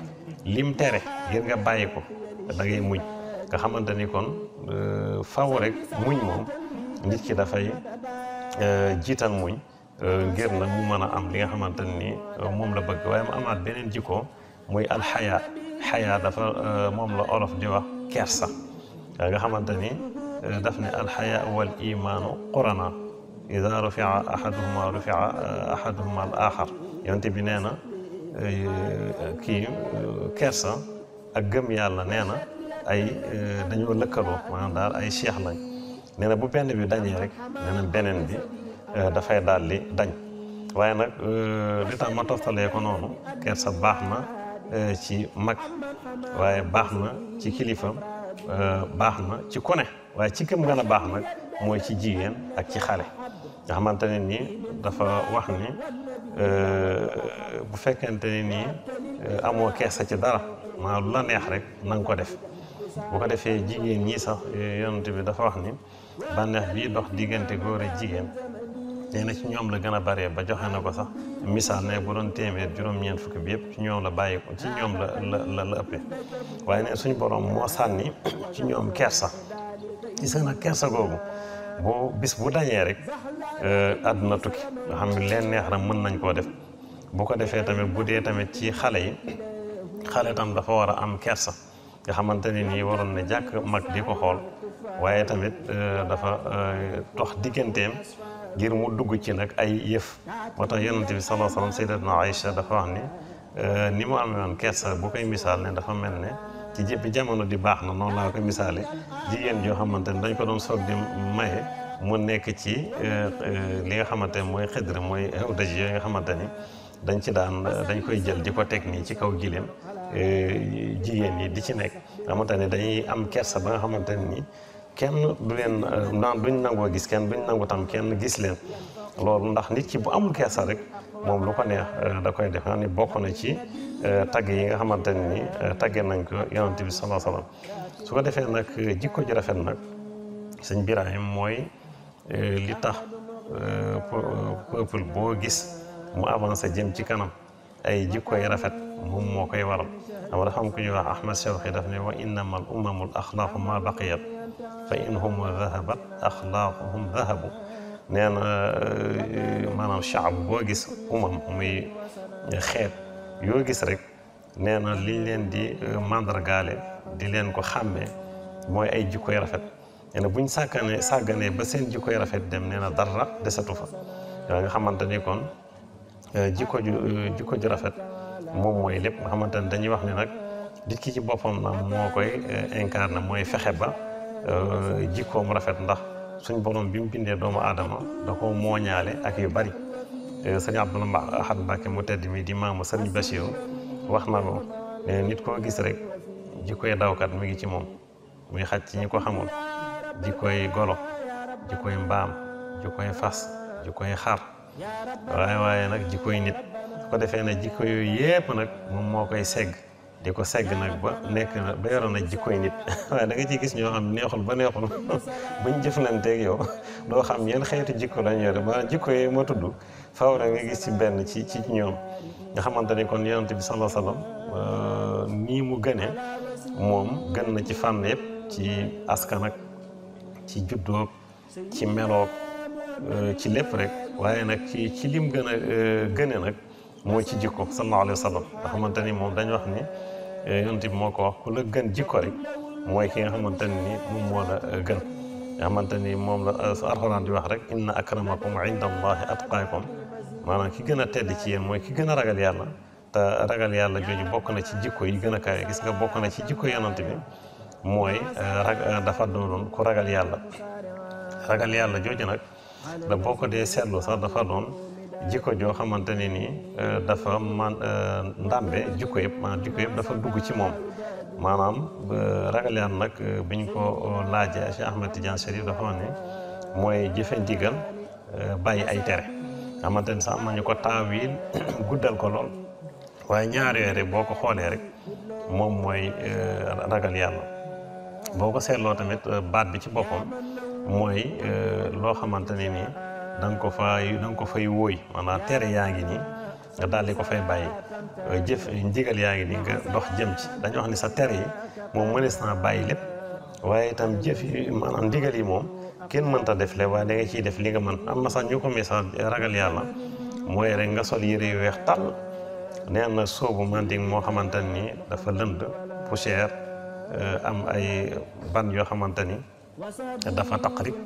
lim tere ngir nga bàyyi ko da ngay muñ nga xamante ni kon eh, faw rek muñ moom nit ki dafay eh, jiital muñ ngir nag mu mën a am li nga xamante ni moom la bëgg waaye mu amaat beneen jikko muy alxayaa xayaa dafa euh, moom la olof di wax kersa nga xamante ni euh, daf ne alxayaa wal imaanu qurana ida rufia ahaduhuma rufia euh, ahaduhuma al axar yonte bi nee na kii kersa ak gëm yàlla nee na ay dañoo lëkkaloo maanaam daal ay cheikh lañ nee na bu benn bi dañee rek nee na beneen bi dafay daal di dañ waaye nag li tax ma toftalee ko noonu kersa baax na Euh, ci mag waaye baax na ci kilifam euh, baax na ci kone waaye ci këm gën a baax nag mooy ci jigéen ak ci xale nga xamante ne nii dafa wax ni euh, bu fekkente ne nii amoo keesa ci dara maa lu la neex rek na nga ko def bu ko defee jigéen ñi sax yonent bi dafa wax ni bànneex bii dox diggante góor ak jigéen nee na ci ñoom la gën a bare ba joxe na ko sax misaal ne bu doon téeméer juróom-ñeent fukk bi yëpp ci ñoom la bàyyi ko ci ñoom la la la ëppee waaye ne suñu boroom moo sànni ci ñoom kersa ci sax nag kersa googu boo bis bu dañee rek eh, àdduna tukki nga xam leen neex na mën nañ koo def bu ko defee tamit bu dee tamit ci xale yi xale tam dafa war a am kersa nga xamante ne nii waroon ne jàkk mag di ko xool waaye tamit eh, dafa tox eh, digganteem ngir mu dugg ci nag ay yëf moo tax yonent bi sallallahu alayhi wa sallam sayyidatuna Aïcha dafa wax ni euh, ni mu amee woon kersa bu koy misaal ne dafa mel ne ci jëpp jamono di baax na noonu laa koy misaale jigéen joo xamante ne dañ ko doon soog di maye mu nekk ci euh, euh, li nga xamante ne mooy xëdre mooy awdaj nga xamante ni dañ ci daan dañ koy jël ji ko teg nii ci kaw gileem jigéen yi di ci nekk xamante ni dañuy am kersa ba nga xamante nii kenn du leen euh, duñ nangoo gis kenn duñ nangu tam kenn gis leen loolu ndax nit ci bu amul kersa rek moom lu ko neex euh, da koy def ni bokk na ci euh, tagg yi nga xamante ne ni tagge nañ ko yonent bi salaa salaam su ko defee nag jikko ji rafet nag sëñ Birahim mooy li tax peuple boo gis mu avancé jëm ci kanam ay jikko yu rafet moom moo koy waral dama dafa am ku ñuy wax Ahmad Shawqi daf ne wa innama al umamu al axlaaqu ma baqiyat fa in hum dahabat axlaaquhum dahabu nee na euh, maanaam chaab boo gis umam muy xeet yoo gis rek nee na liñ leen di euh, màndargaale di leen ko xàmmee mooy ay jikkoy rafet nee na buñ sàggane sàgganee ba seen jikkoy rafet dem nee na dara desatu fa nga xamante ni kon Euh, jikko ju jikko ju rafet moom mooy lépp nga xamante ne dañuy wax ni nag nit ki ci boppam na moo koy euh, incarné mooy fexe ba euh, jikkoom rafet ndax suñ borom bi mu bindee doomu aadama da ko mooñaale ak yu bari sëñ Abdoul Ahad Mbacké mu tedd mi di maamu sëñ Bachir wax na ko nit koo gis rek jikkoy dawkat mi ngi ci moom muy xaj ci ñi ko xamul jikkoy golo jikkoy mbaam jikkoy fas jikkoy xar waaye waaye nag jikkoy nit su ko defee na jikko yooyu yépp nag moom moo koy segg di ko segg nag ba nekk na ba yoroon jikko yi nit waaye da nga ciy gis ñoo xam neexul ba neexul buñ jëflanteeg yow doo xam yan xeetu jikko lañ yore ba jikko yi ma tudd faaw rek nga gis ci benn ci ci ñoom nga xamante ni kon yonent bi sallallahu alayhi wasallam euh, mu gënee moom gën na ci fànn yëpp ci askan ak ci juddoog ci meloog euh, ci lépp rek waaye nag ci ci lim gën a euh, gëne nag mooy ci jikko sallallahu alayhi wa sallam ni moom dañ wax ni euh, yonent bi moo ko wax ku la gën jikko mooy ki nga xamante ne ni moom moo la euh, gën nga xamante ni moom la su alxuraan di wax rek inna akramakum inda allahi atqaakum maanaam ki gën a tedd ci yéen mooy ki gën a ragal yàlla te ragal yàlla jooju bokk na ci jikko yi gën a kawe gis nga bokk na ci jikko yonent bi mooy dafa doonoon ku ragal yàlla yàlla jooju nag da boo ko dee seetlu sax dafa doon jikko joo xamante ne nii euh, dafa man euh, ndàmbe jikko yëpp maanaam jikko yëpp dafa dugg ci moom maanaam ragal yàlla nag euh, bi ñu ko laajee Cheikh Ahmed Tidiane Chérif dafa ne mooy jëfe ndigal bàyyi ay tere xamante sax am nañu ko taawil guddal ko lool waaye ñaar yooyu rek boo ko xoolee rek moom mooy ragal yàlla boo ko seetloo tamit baat bi ci boppam mooy euh, loo xamante ne ni da nga ko fay da nga ko fay wóoy maanaam tere yaa ngi nii nga daal di ko fay bàyyi euh, jëf ndigal yaa ngi nii nga dox jëm ci dañu wax ni sa tere yi moom mënees naa bàyyi lépp waaye itam jëf yi maanaam ndigal yi moom kenn mënta def le waaye da nga ciy def li nga mën am na sax ñu ko message ragal yàlla mooy rek nga sol yëre yu weex tàll nee na soobu manting moo xamante ni dafa lënd poussière euh, am ay ban yoo xamante ni dafa taqrib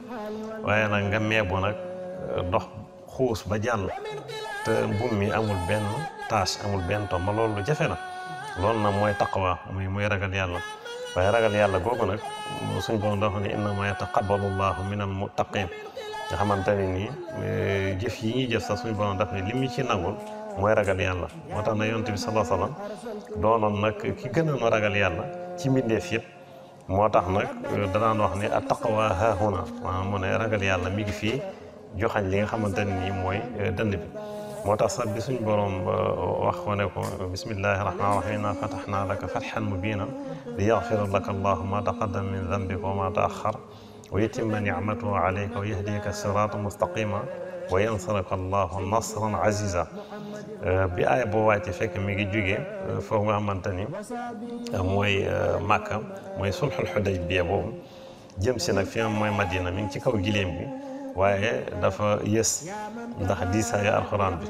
waaye nag nga neebu nag euh, ndox xuus ba jàll te mbuum mi amul benn tache amul benn tomb loolu jafe na loolu nag mooy taqwa muy muy ragal yàlla waaye ragal yàlla googu nag suñ borom dafa ne innama yataqabbalu llahu min al muttaqin nga xamante ne nii euh, jëf yi ñuy jëf sax suñ borom dafa ne lim ñu ci mooy ragal yàlla moo tax na yonent bi sallallahu alayhi wa sallam doonoon nag ki gënoon a ragal yàlla ci mbindeef yëpp moo tax nag euh, danaan wax ne attaqwa haahuna maanaam mu ne ragal yàlla mi ngi fii joxañ li nga xamante ne nii mooy euh, dënd bi moo tax sax bi suñ boroom euh, wax wane ko bismillahi rahmaani rahiim inna fatahnaa laka fathan mubiinan li yaghfira laka allahu ma taqaddama min dambika wa ma taaxar wa yutimma nicmatahu alayka wa yahdiyaka siraatan mustaqiman وينصرك الله نصرا عزيزا euh, bi aaya wàcc fekk mi ngi jóge euh, foofu nga ni euh, mooy Màkka mooy sulxul xudaybiya si nag fi mooy Madina mi ci kaw gileem waaye dafa yës ndax diisaayu alxuraan bi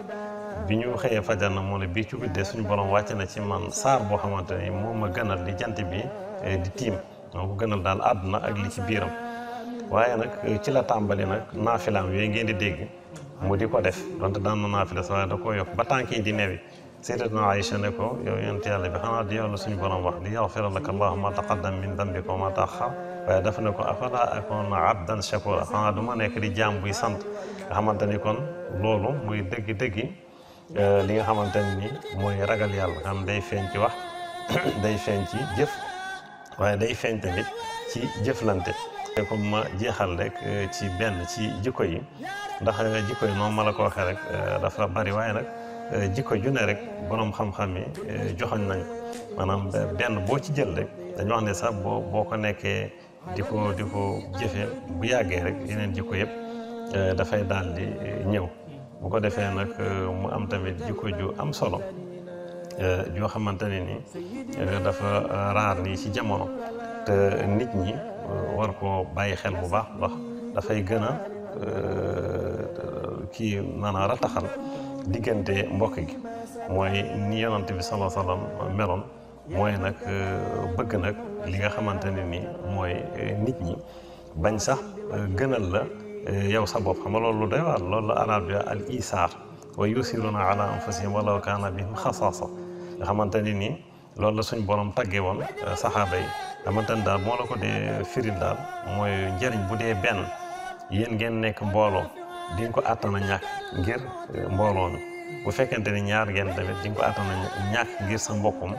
bi ñu xëyee fajar na moo ne bii ci guddee suñu borom wàcc na ci man saar boo xamante ni moo ma gënal li jant bi di tiim moo ko gënal daal àdduna ak li ci biiram waaye nag ci la tàmbali nag naafilaam yooyu ngeen di dégg mu di ko def donte daan na naafila waaye da koo yokk ba tànk yi di newi sayyidatuna Aïcha ne ko yow yonent yàlla bi xanaa di yow la suñu borom wax li yaxfira laka allahu ma taqaddam min dambika wa ma taaxar waaye dafa ne ko afala akuna abdan shakura xanaa du ma nekk di jaam buy sant nga xamante ni kon loolu muy dëgg-dëgg euh, li nga xamante ne ni mooy ragal yàlla xam day feeñ ci wax day feeñ ci jëf waaye day feeñ tamit ci jëflante comme ma jeexal rek euh, ci benn ci jikko yi ndax euh, jikko yi moom ma la ko waxee rek euh, dafa bari waaye nag jikko ju ne rek boroom xam-xam yi joxoñ nañ maanaam benn boo ci jël rek dañoo wax ne sax boo boo ko nekkee di ko di ko jëfee bu yàggee rek yeneen jikko yëpp dafay daal di ñëw bu ko defee nag mu am tamit jikko ju am solo joo xamante ne ni dafa raar nii ci jamono te nit ñi war koo bàyyi xel bu baax ndax dafay gën a euh, kii maanaam rataxal diggante mbokk gi mooy ni yonante bi salaa salaam meloon mooy nag euh, bëgg nag li nga xamante ne ni mooy euh, nit ñi bañ sax gënal la yow sa bopp xam nga lu doy waar loolu la arab bi al isaar wa yusiruna ala anfusihim walaw kaana bihim xasaasa nga xamante ne ni loolu la suñ borom tagge woon saxaaba yi xamante ne daal moo la ko dee firil daal mooy njëriñ bu dee benn yéen ngeen nekk mbooloo di nga ko àttana ñàkk ngir euh, mbooloo mi bu fekkente ni ñaar ngeen tamit di nga ko àttana ñàkk ngir sa mbokkum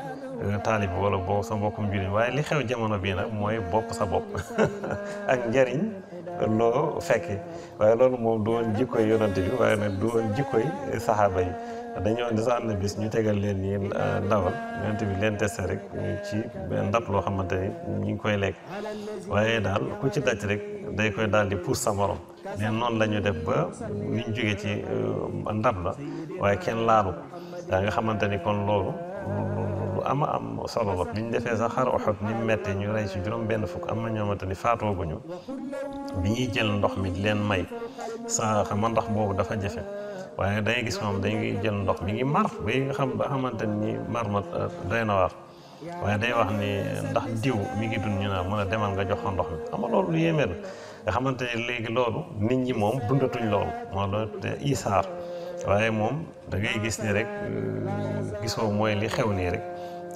euh, taalib wala boo sa mbokkum jullit waaye li xew jamono bii nag mooy bopp sa bopp ak njëriñ loo fekki waaye loolu moom du woon jikkoy yonante bi waaye nag du jikkoy saxaaba yi dañoo disa am na bis ñu tegal leen nii euh, ndawal yonent bi leen rek ñu ci xamante ni ñu ngi koy lekk waaye daal ku ci daj rek day koy daal di pour sa morom neen noonu def ba jóge ci euh, ndab la waaye kenn laalu daa nga xamante ni kon loolu lu ama am solo la bi ñu defee sax xar oxot ni metti ñu rey si juróom benn fukk am na ñoomante ni faatooguñu bi ñuy jël ndox mi di leen may sa xam ndox boobu dafa jafe waaye dangay gis moom dañuy jël ndox mi ngi mar bi nga xam ba xamante ni mar ma doy na waar waaye day wax ni ndax diw mi ngi dund ñu naan mën a demal nga jox ko ndox mi xam loolu lu yéeme la nga xamante ne léegi loolu nit ñi moom dundatuñ loolu moo doon isaar waaye moom da ngay gis ni rek euh, gisoo mooy li xew nii rek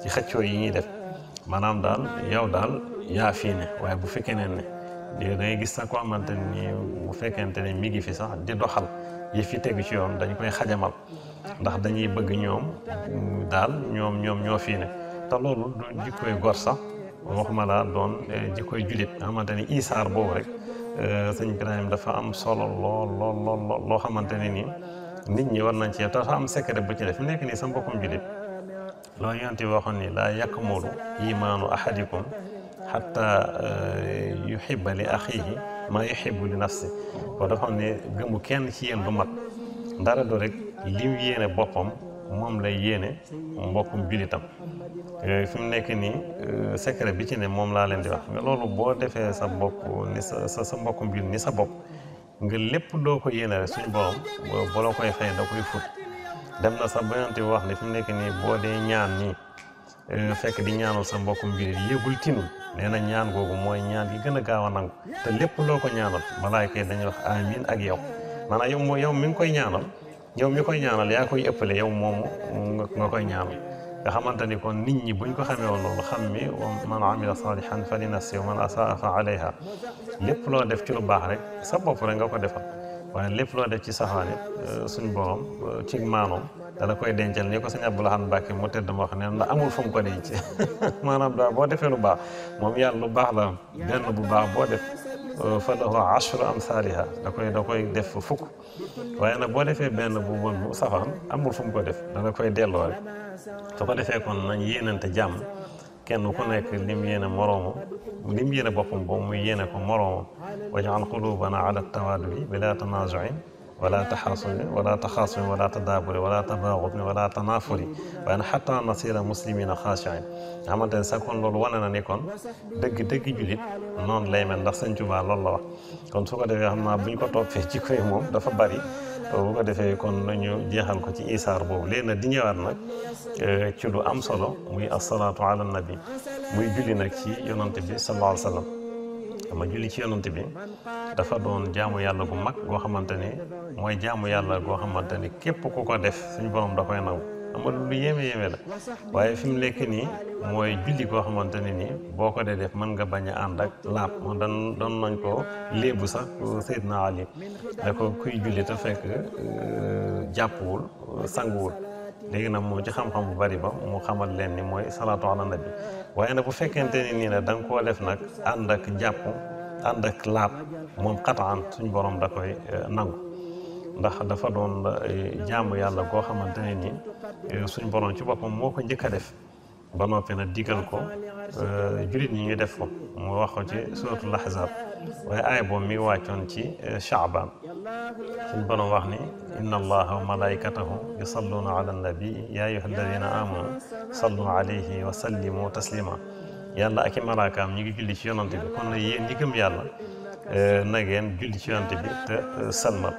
ci xëccoo yi ñuy def maanaam daal yow daal yaa fii ne waaye bu fekkee ne ne léegi dangay gis sax ko xamante nii bu fekkente ne mi ngi fi sax di doxal yi fi tegu ci yoon dañ koy xajamal ndax dañuy bëgg ñoom daal ñoom ñoom ñoo fii ne te loolu du jikkoy gor sax waxuma laa doon eh, jikkoy julit nga xamante ni isaar boobu rek eh, sëñ Ibrahima dafa am solo lool loo xamante ne nii nit ñi war nañ ci te dafa am secret bu ci def nekk nii sa mbokkum julit loo yonti waxoon ni laa yàq moolu imaanu ahadikum xata eh, yu li axihi maa yuxibu li nafsi kon dafa xam ne gëmu kenn ci yéen lu mat dara du rek lim yéene boppam moom lay yéene mbokkum julitam yooyu eh, fi mu nekk nii eh, secret bi ci ne moom laa leen di loolu boo defee sa bopp sa sa ni sa bopp nga lépp doo ko yéene rek la koy fay dem sa bayante wax ne fi mu nekk nii boo dee ñaan nii fekk di ñaanal sa mbokkum julit yëgul tinul nee na ñaan googu mooy ñaan gi gën a gaaw a nangu te lépp loo ko ñaanal malaayka yi dañuy wax amiin ak yow maanaam yow moo yow mi ngi koy ñaanal yow mi koy ñaanal yaa koy ëppale yow moomu nga koy ñaanal nga xamante ni kon nit ñi buñ ko xamee woon loolu xam mi man amila salihan fa li nafsi wa man asaa fa alayha lépp loo def ci lu baax rek sa bopp rek nga ko defal waaye lépp loo def ci saxaan it suñ borom ci maanoom dala koy dencal ni ko sëñ Abdou Lahad Mbacke mu tedd ma wax ne amul fu ko denc maanaam daal boo defee lu baax moom yàlla lu baax la benn bu baax boo def euh, fa lahu ashru amsaaliha da koy da koy def fukk waaye na boo defee benn bu bon bu safaan amul fu ko def dala koy delloo rek su ko defee kon nañ yéenante jàmm kenn ku nekk lim yéene moroomu lim yéene boppam boobu muy yéene ko moroomu waj'al quluubana ala tawaadudi bila tanaazuin wala taxaasumi wala taxaasumi wala tadaaburi wala tabaagudi wala tanaafuri waaye nag xataa nasira muslimina xaashiin nga xamante ne sa kon loolu wane na ni kon dëgg dëgg julit noonu lay mel ndax Sëñ Tuubaa loolu la wax kon su ko defee xam naa bu ñu ko toppee ci koy moom dafa bari bu ko defee kon nañu jeexal ko ci isaar boobu léegi nag di ñëwaat nag euh, ci lu am solo muy asalaatu ala nabi muy julli nag ci yonante bi sallallahu alayhi wa dama julli ci yonent bi dafa doon jaamu yàlla gu mag goo xamante ni mooy jaamu yàlla goo xamante ni képp ko ko def suñu borom da koy naw amul lu yéeme yéeme la waaye fi mu nekk nii mooy julli goo xamante ne nii boo ko dee def mën nga bañ a ànd ak laab man dan doon nañ ko léebu sax Seydina Ali da ko kuy julli te fekk euh, jàppuwul sanguwul léegi nag moom ci xam-xam bu bari ba mu xamal leen ni mooy salaatu ala nabi waaye nag bu fekkente ne nii ne da nga koo def nag ànd ak jàpp ànd ak laab moom xataan suñ borom da koy eh, nangu ndax dafa doon eh, jaamu yàlla koo xamante ne nii eh, suñ borom ci boppam moo ko njëkk a def ba noppi nag digal ko jullit ñi ñu def ko mu wax ko ci suratul ahzab waaye aaya boobu mi ngi wàccoon ci chaabaan eh, suñ borom wax ni inna allaha wa malaikatahu yusalluuna ala nabii yaa ayuha alladina amanu sallu alayhi wa sallimu taslima yàlla ak i malaakaam ñi ngi julli ci yonante bi kon na yéen ñi gëm yàlla eh, na ngeen julli ci yonante bi te eh, salmal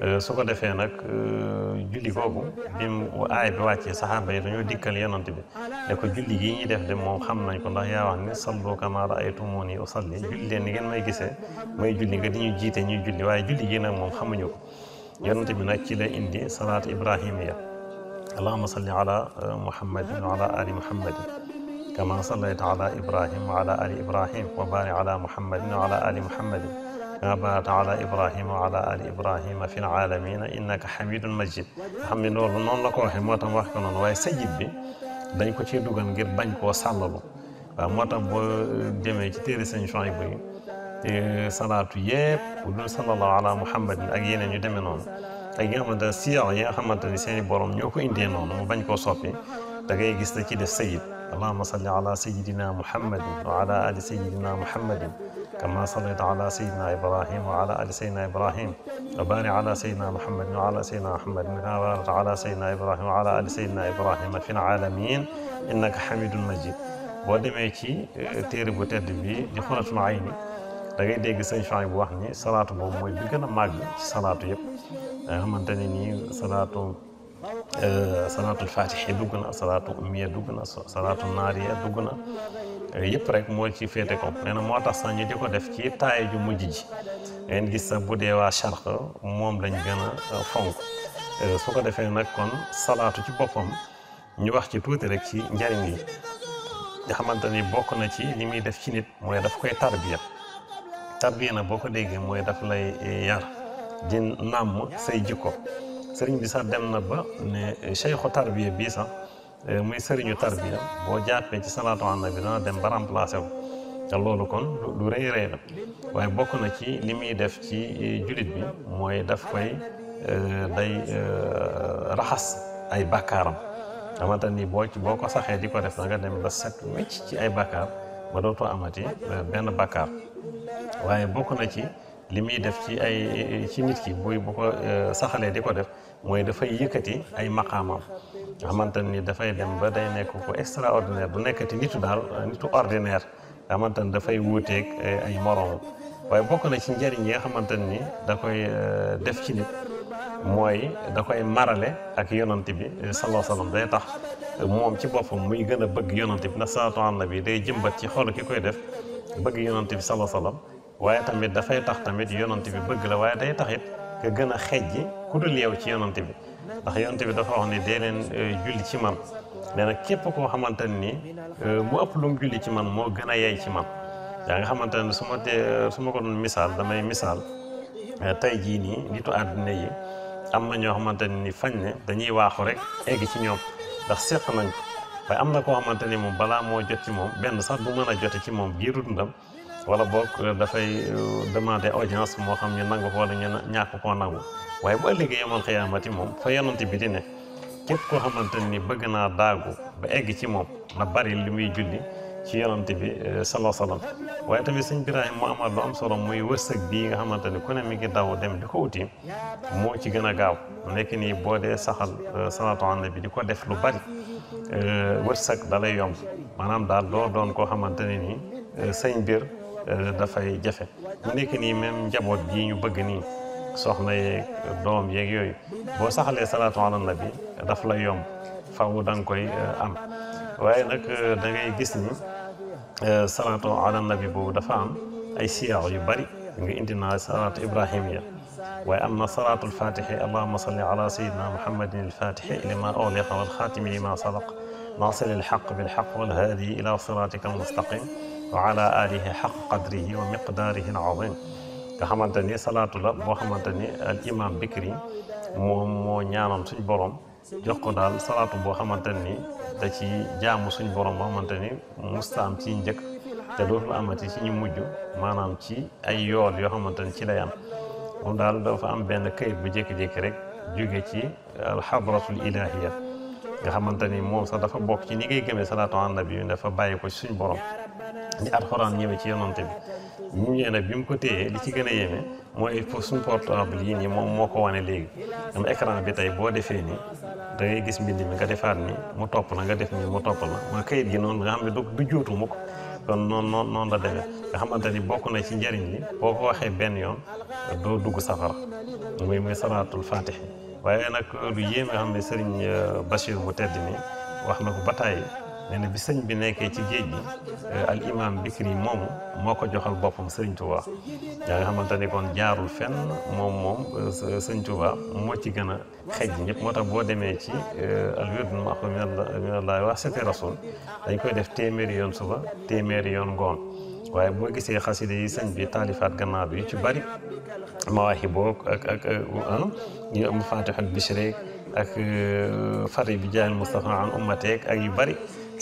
Euh, su ko defee nag euh, julli googu bi mu aay bi wàccee saxaaba yi dañoo dikkal yonant bi ne ko julli gi ñuy def de moom xam nañ ko ndax yaa wax ni sallu kamaa ra'aytumuunii usalli julli leen ni ngeen may gisee may julli nga di ñu jiite ñuy julli waaye julli gi nag moom xamuñu ko yonant bi nag ci la indi salaat ibrahimiya allahumma salli euh, ala muhammadin wa ala ali mu kama sallayta ala ibrahim wa ala ali ibrahim wa barik ala muhammadin wa ala ali muhammadin kama baarata ala ibrahima wa ala ali ibrahima fi laalamina innaka xamidun majid nga ne loolu noonu la ko waxee moo tax wax ko noonu waaye sajid bi dañ ko ciy dugal ngir bañ koo sàllalu waaw moo tax boo demee ci téere sëñ Chouaïbou yi e, salaatu yëpp bu dul sallallahu ala muhammadin ak yeneen yu demee noonu ak yi nga si ne siyaar yi nga xamante ni seen i borom ñoo ko indee noonu mu bañ koo soppi da ngay gis na ci def sayid ma salli ala sayidina muhammadin wa ala ali sayidina muhammadin كما صليت على سيدنا إبراهيم وعلى آل سيدنا إبراهيم وبارك على سيدنا محمد وعلى سيدنا محمد كما باركت على سيدنا إبراهيم وعلى آل سيدنا إبراهيم في العالمين إنك حميد مجيد boo demee ci euh, téere bu tedd bi di xuratul ayni da ngay dégg sëñ Fane bu wax ni salaatu boobu mooy bi gën a màgg ci salaatu yëpp nga xamante ne nii salaatu euh, salaatul faatihi dugg na salaatu ummiya dugg na salaatu naariya dugg na Eh, yëpp rek moo ci féete ko nee moo tax sax ñu di ko def ci taaye ju mujj ji ngeen gis sax bu dee waa charq moom lañ gën a eh, fonk eh, su ko defee nag kon salaatu ci boppam ñu wax ci tuuti rek ci njariñ yi nga xamante ni bokk na ci li muy def ci nit mooy daf koy tarbiya tarbiya nag boo ko déggee mooy daf lay yar di nàmm say jikko sëriñ bi sax dem na ba ne cheikhu tarbiya bii sax Eh, muy sëriñu tarbiya boo jàppee ci salaatu an bi dana dem ba remplacé wu te loolu kon lu rëy rëy waaye bokk na ci li muy def ci eh, jullit bi mooy daf koy eh, day raxas ay bàkkaaram xamante ni boo boo ko saxee di ko def da dem ba set ci ay bàkkaar ba dootoo amati benn bàkkaar waaye bokk na ci li muy def ci ay ci nit ki buy bu ko saxalee di ko def mooy dafay yëkkati ay maqaamam nga xamante ni dafay dem ba day nekk ku extraordinaire du nekkati nitu daal nitu ordinaire nga xamante ni dafay wuuteeg eh, ay moroom waaye bokk na ci njëriñ yi nga xamante ni da koy eh, def ci nit mooy da koy marale ak yonante bi eh, sallallahu alayhi wasallam day tax moom ci boppam muy gën a bëgg yonante bi ndax salaatu ala nabi day jëmbat ci xol ki koy def bëgg yonante bi sallallahu alayhi wasallam waaye tamit dafay tax tamit yonante bi bëgg la waaye day tax it nga gën a xejji ku dul yow ci yonante bi ndax yonante bi dafa wax ne dee leen euh, julli ci man nee képp koo xamante ne nii euh, mu ëpp lu mu julli ci man moo gën a yey ci man yaa nga xamante ne su ma dee su ma ko doon misaal damay misaal euh, tey jii nii nitu àdduna yi am na ñoo xamante ne ni fañ ne dañuy waaxu rek egg ci ñoom ndax seq nañ ko waaye am na koo xamante ni moom balaa moo jot ci moom benn sax bu mën a jote ci moom giiru dundam wala boog dafay euh, demander audience moo xam ñu nangu ko wala ñu ñàkk koo nangu waaye bu ëllëgee yomal xiyaamati moom fa yonante bi di ne képp koo xamante ni bëgg naa daagu ba egg ci moom na bari li muy julli ci yonante bi euh, salaa salaam waaye tamit sëñ Birahim mu amaat lu am solo muy wërsëg bi nga xamante ni ku ne mi ngi daw dem di ko wuti moo ci gën a gaaw lekk nii boo dee saxal euh, salaatu ala bi di ko def lu bari wërsëg da lay yomb maanaam daal doo doon koo xamante ne nii say mbir Euh, dafay jafe mu nekk nii même njaboot gii ñu bëgg nii soxna yeeg doom yeeg yooyu boo saxalee salaatu ala nabi daf la yomb fawu da nga koy euh, am waaye nag euh, da ngay gis ni salaatu ala nabi boobu dafa am ay siyaax yu bari nga indi naa salaatu ibrahim ya waaye am na salaatul fatihi allahuma a ala a muhammadin alfatihi lima ughliqa walxaatimi lima sabaq nasiri alxaq bilxaq walhaadi ila siratika almustaqim wa ala alihi xaq qadrihi wa miqdaarihi al-azim nga xamante ni salaatu la boo xamante ni al imam Bikri moom moo ñaanoon suñ borom jox ko daal salaatu boo xamante ni da ci jaamu suñ borom boo xamante ni musta am ci njëkk te dootul amati ci ñu mujj maanaam ci ay yool yoo xamante ni ci lay am moom daal dafa am benn kayit bu jékki-jékki rek jóge ci alxadratul ilahiya nga xamante ni moom sax dafa bokk ci ni ngay gëmee salaatu an nabi dafa bàyyi ko ci suñ borom di alxuraan ñëwee ci yonante bi ñu ñëwee nag bi mu ko téyee li ci gën a yéeme mooy pour suñu portable yi nii moom moo ko wane léegi am écran bi tey boo defee nii da ngay gis mbind mi nga defaat ni mu topp la nga def nii mu topp la kayit gi noonu nga xam ne du du juutu mukk kon noonu noonu noonu la nga xamante ni bokk na ci njariñ li boo ko waxee benn yoon doo dugg safara muy muy salaatul faatihi waaye nag lu yéeme nga xam ne sëriñ euh, Bachir mu tedd nii wax na ko ba nee bi sëñ bi nekkee ci géej bi euh, al imam bikri moomu moo ko joxal boppam sëñ Touba yaa nga xamante ni kon jaarul fenn moom moom euh, sëñ Touba moo ci gëna a xej ñëpp moo tax boo demee ci euh, al wird maxu minallahi wa sati rasul dañ koy def téeméeri yoon suba téeméeri yoon ngoon waaye boo gisee xaside yi sëñ bi taalifaat gannaaw bi yu ci bari mawaaxi boo ak ak ñu am fatihul bishri ak fari bi jaayal Mustafa an ummateek ak yu bari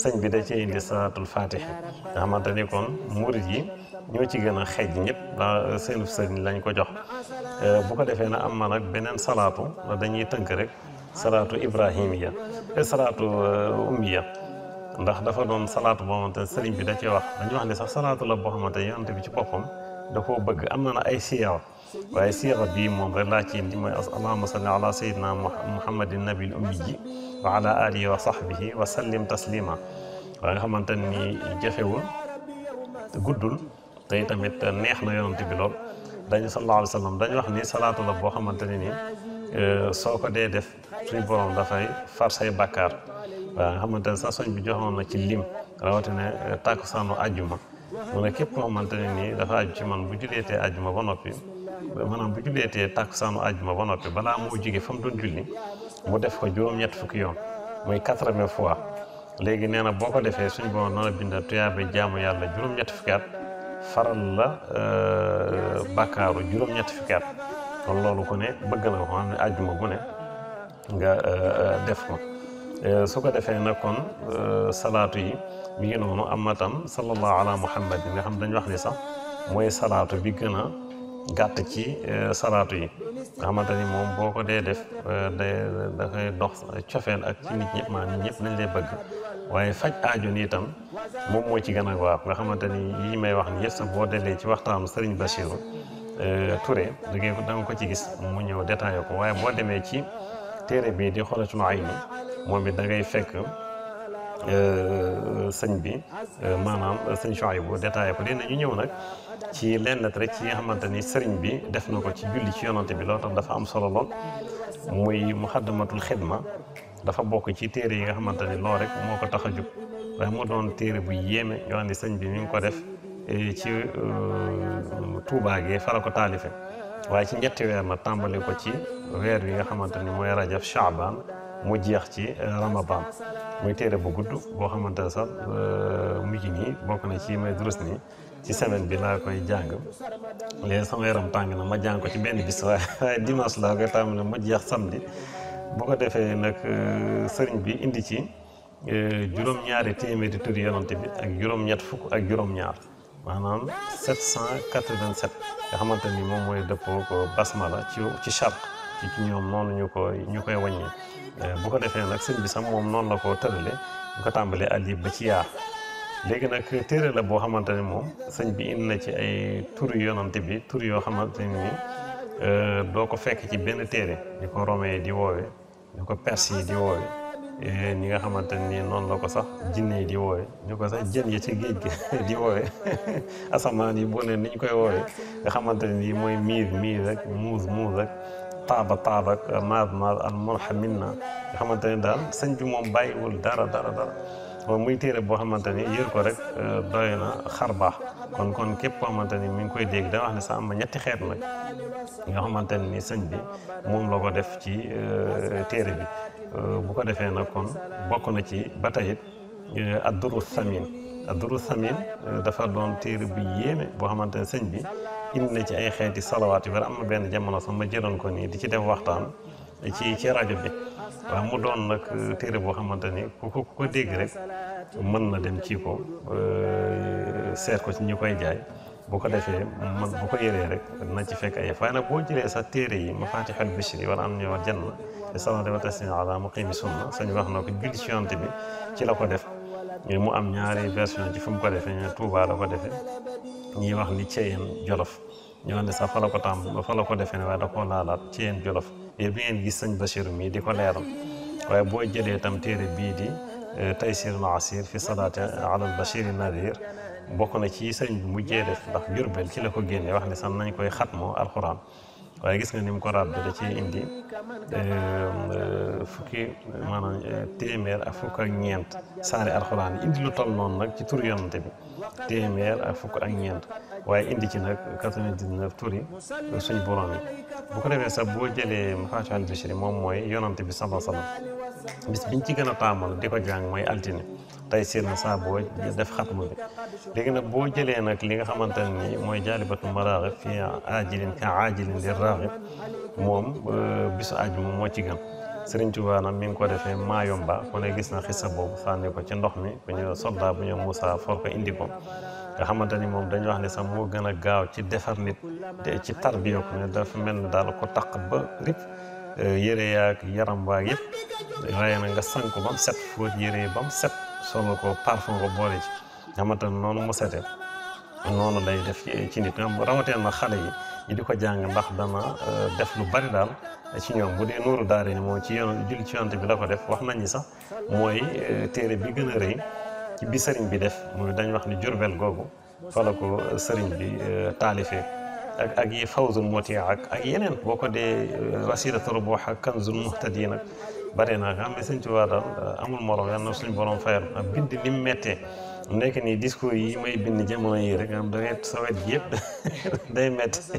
sëñ bi da ci indi salaatul faatiha nga xamante ni kon murit yi ñoo ci gën a xeej ñëpp daa seenub sëriñ lañ ko jox eh, bu ko defee na am ma nag beneen salaatu dañuy tënk rek salaatu ibrahimiya te eh, salaatu eh, ummiya ndax dafa doon salaatu boo xamante sëriñ bi da ci wax dañu wax ne sax salaatu la boo xamante ne yonante bi ci boppam da koo bëgg am na na ay siyaar waaye siyaar bii moom rek laa ci indi mooy allahumma salli ala sayyidina muhammadin nabil ummi ji wa ala alihi wa sahbihi wa sallim taslima waaye nga xamante ni jafewul te guddul te tamit neex na yonante bi lool dañu sallallahu alayhi wa wax ni salaatu la boo xamante ne ni euh, soo ko dee def suñu borom dafay far say bàkkaar waaw nga xamante ne sax soñ bi joxoon na ci lim rawatina euh, tàkkusaanu àjjuma mu ne képp koo xamante ne nii dafa aju ci man bu julleetee àjjuma ba noppi maanaam bu julleetee tàkkusaanu àjjuma ba noppi balaa moo jóge fa mu doon julli mu def ko juróom-ñett fukki yoon muy quatre-vingts fois léegi nee na boo ko defee suñ boroom noonu binda tuyaabe jaamu yàlla juróom-ñett fukki at faral la euh, bakkaaru juróom-ñett fukki at kon loolu ko ne bëgg na ko xam ne àjjuma bu ne nga euh, euh, def ko su ko defee nag kon salaatu yi mi ngi noonu am na tam sallallahu ala muhammad yi xam dañ wax ni sax mooy salaatu bi gën a gàtt ci euh, salaatu yi nga xamante ni moom boo ko dee def euh, day dafay dox cofeel ak ci nit ñëpp maanaam nit ñëpp nañ lay bëgg waaye faj aajo ni itam moom moo ci gën a waaw nga xamante ni yi may wax ni yëpp sax boo delee ci waxtaanu Serigne Bassirou ture liggéey ko da nga ko ci gis mu ñëw détaillé ko waaye boo demee ci téere bii di xolatul ay ma moom it da ngay fekk euh, sëñ bi maanaam sëñ Chouaïbou détaillé ko léegi ñu ñëw nag ci lenn rek ci nga xamante ni sëriñ bi def na ko ci julli ci yonante bi loo tax dafa am solo lool muy muxaddamatul xidma dafa bokk ci téere yi nga xamante ni loo rek moo ko tax a jóg waaye mu doon téere bu yéeme yoo xam ne sëñ bi mi ngi ko def eh, ci euh, Tuubaa gee fa la ko taalife waaye ci ñetti weer na tàmbali ko ci weer wi nga xamante ni mooy rajab shaaban mu jeex ci euh, ramadan muy téere bu gudd boo xamante ne sax euh, mujj nii bokk na ci may durus nii ci semaine bi laa koy jàng léegi sama yaram tàng na ma jàng ko ci benn bis waaye dimanche laa koy tàmbali ma jeex samedi bu ko defee nag euh, sëriñ bi indi ci euh, juróom-ñaari téeméeri turi yonante bi ak juróom-ñett fukk ak juróom-ñaar maanaam 787 nga xamante ni moom mooy dëppoo ko basmala la ci charte ci ci ñoom noonu ñu koy ñu koy wàññi euh, bu ko defee nag sëñ bi sax moom noonu la ko tërale bu ko tàmbalee alif ba ci yaa léegi nag téere la boo xamante ne moom sëñ bi indi na ci ay tur yonant bi tur yoo xamante ne nii euh, doo ko fekk ci benn téere ni ko Romain yi di woowe ni ko Perse yi di woowe ñi euh, nga xamante ne nii noonu la ko sax jinne yi di woowe ñu ko sax jën yi ci géej gi di woowe asamaan yi boo ne ni ñu koy woowe nga xamante ne nii mooy miir miir rek muus muus rek taaba taaba maaz euh, maaz al mulha minna nga xamante ne daal sëñ bi moom bàyyiwul dara dara dara moom muy téere boo xamante ni yër ko rek euh, doy na xar baax kon kon képp koo xamante ni mi ngi koy dégg dana wax ne sa am ñetti xeet nag nga xamante ne ni sëñ bi moom la ko def ci euh, téere bi euh, bu ko defee nag kon bokk na ci ba tey it adduru samin adduru samin dafa doon téere bu yéeme boo xamante ne sëñ bi indi na ci ay xeeti salawaat yu bari am na benn jamono sax ma jëloon ko nii di ci def waxtaan ci ci rajo bi waaw mu doon nag téere boo xamante ni ku ko ku dégg rek mën na dem ci ko euh, seet ko si ñu koy jaay bu ko defee man bu ko yëree rek na ci fekk ay fay nag boo jëlee sa téere yi ma Mafatihul Bichri yi wala am ñoo wax jën la te salaatu wa tasliim ala muqiimi sunna wax na ko julli ci Yonent bi ci la ko def mu am ñaari version ci fu mu ko defe ñu Tuubaa la ko defee ñuy wax ni Ceyeen Jolof ñoo ne sax fa la ko tàmm fa la ko defee ne waaye da koo laalaat Ceyeen Jolof yëpp ngeen gis sëñ Bachir mii di ko leeral waaye boo jëlee tam téere bii di euh, taysirul asir fi salaati alal bashiri nadir bokk na ci sëñ mu mujjee def ndax jurbel ci la ko génnee wax ne san nañ koy xatmoo alxuraan waaye gis nga nim mu ko ràbbe da ci indi euh, fukki maanaam euh, téeméer ak fukk ak ñeent saari alxuraan indi lu toll noonu nag ci tur yonante bi téeméer a fukk ak ñeent waaye indi ci nag 99 tur yi suñu borom yi bu ko defee sax boo jëlee Mafaatihul Bichri moom mooy yonante bi sama sama bis biñ ci gën a taamal di ko jàng mooy altine tey siir na saa boo def xatmu bi léegi nag boo jëlee nag li nga xamante ne nii mooy jaalibatu maraaxib fii aajilin ka aajilin di raaxib moom euh, bis aaj moo ci gën Sëriñ Tuubaa nag mi ngi ko defee Maayomba ku ne gis na xisa boobu sànni ko ci ndox mi ku ñu soldat bu ñu Moussa for ko indi ko nga xamante ni moom dañu wax ne sax moo gën a gaaw ci defar nit te ci tarbiya ko ne dafa mel ne daal ko taq ba rip eh, yére yaag yaram waag yëpp waaye na nga sang ko ba mu set fóot yére ba mu set solo ko parfum ko boole ci nga xamante noonu mu setee noonu lay def ci nit rawatina xale yi ñu di ko jàng ndax dana eh, def lu bari daal ci ñoom bu dee nooru daare ni moom ci yoon julli ci yonante bi la ko def wax nañ ni sax mooy euh, téere bi gën a rëy ci bi sëriñ bi def mooy dañ wax ni jurbel googu fa la ko euh, sëriñ bi euh, taalifee ak ak yi fawzul motiya ak ak yeneen boo ko dee wasiratu rubuux ak kanzul muhtadiin nag bare naa nga xam ne sëñ Tuubaa daal amul morom yàlla na suñ borom fayal ak bind lim mettee mu nekk nii discours yi may bind jamono yi rek am da ngay sa wet gi yëpp day métti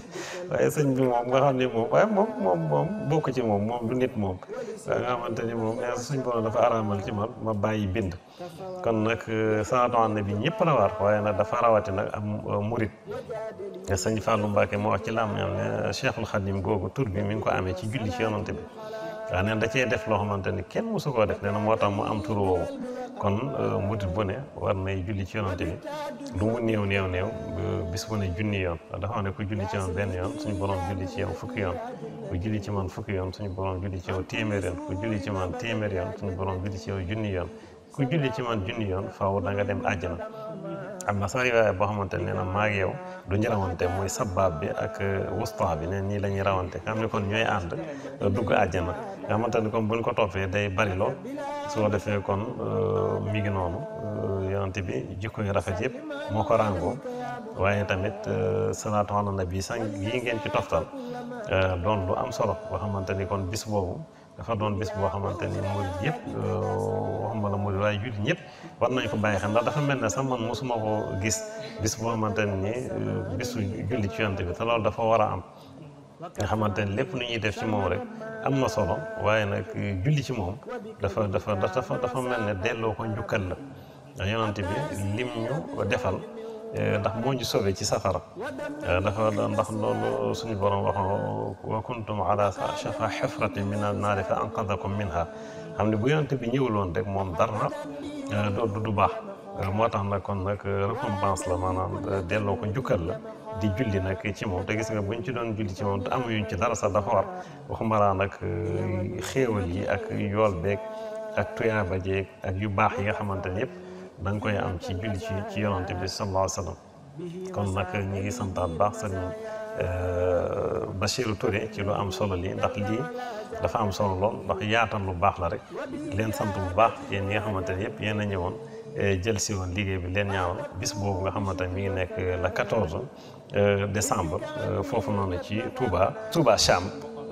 waaye sëñ bi moom nga xam ne moom waaye moom moom moom bokk ci moom moom du nit moom waaye nga xamante ni moom nee suñ borom dafa araamal ci man ma bàyyi bind kon nag euh, sanatoan na bi ñëpp la waaye nag dafa rawati nag am euh, murit sëñ Fallou Mbacke moo wax ci làmmiñam ne Cheikhul Khadim googu tur bi mi ngi ko amee ci julli ci yonante bi waaw neen da cee def loo xamante ni kenn mosu koo def nee na moo tax mu am turu woowu kon euh, murit bu ne war nay julli ci yonante bi lu mu néew néew néew euh, bis bu ne junni yoon dafa xam ku julli ci man benn yoon suñu borom julli ci yow fukki ci man fukki yoon suñu borom julli ci yow téeméer yoon ku julli ci man téeméer yoon suñu borom julli ci yow junni yoon ku julli ci man junni yoon faaw da nga dem àjjana am na sax riwaaya boo xamante ne na maa ngi yow du ñu rawante mooy sabbaab bi ak euh, wusta bi ne nii la ñuy rawante xam ne kon ñooy ànd dugg àjjana nga ni comme bu nu ko toppee day bari loo su ko defee kon euh, mi ngi noonu euh, yonent bi jikko yu rafet yëpp moo ko ràngoo waaye tamit euh, salaatu ala nabi sang yi ngeen ci toftal doon lu am solo boo xamante ni kon bis boobu dafa doon bis boo xamante ni murid yëpp waxuma la murid waaye ñëpp war nañ ko bàyyi xel ndax dafa mel ne sax man mosuma ko gis bis boo xamante ni bisu julli ci yonent bi te loolu dafa war a am. nga xamante ni lépp lu ñuy def ci moom rek am na solo waaye nag julli ci moom dafa dafa dafa dafa mel ne delloo ko njukkal la ndax yonante bi lim ñu defal eh, ndax moo ñu sauvé ci safara eh, dafa ndax loolu suñu borom wax wa kuntum ala shafa xefratin min annaari fa anqadakum minha xam ne bu yonante bi ñëwuloon rek moom dara eh, du baax moo tax nag kon nag récompense la maanaam delloo ko njukkal la di julli nag ci moom te gis nga buñ ci doon julli ci moom te amuñu ci dara sax dafa war waxumala nag eh, xéewal yi ak yool beeg ak tuyaaba jeeg ak yu baax yi nga xamante ne yëpp da nga koy am ci julli ci ci yonante bi sallallahu alayhi wa sallam kon nag ñu ngi santaat baax sëñ eh, Bachir Touré ci lu am solo lii ndax lii dafa am solo lool ndax yaatal lu baax la rek leen sant bu baax yéen ñi xamante ne yëpp yéen a ñëwoon eh, jël si woon liggéey bi leen ñaawoon bis boobu nga xamante ne mi ngi nekk la 14. Euh, décembre euh, foofu noonu ci tuuba Touba Touba Cham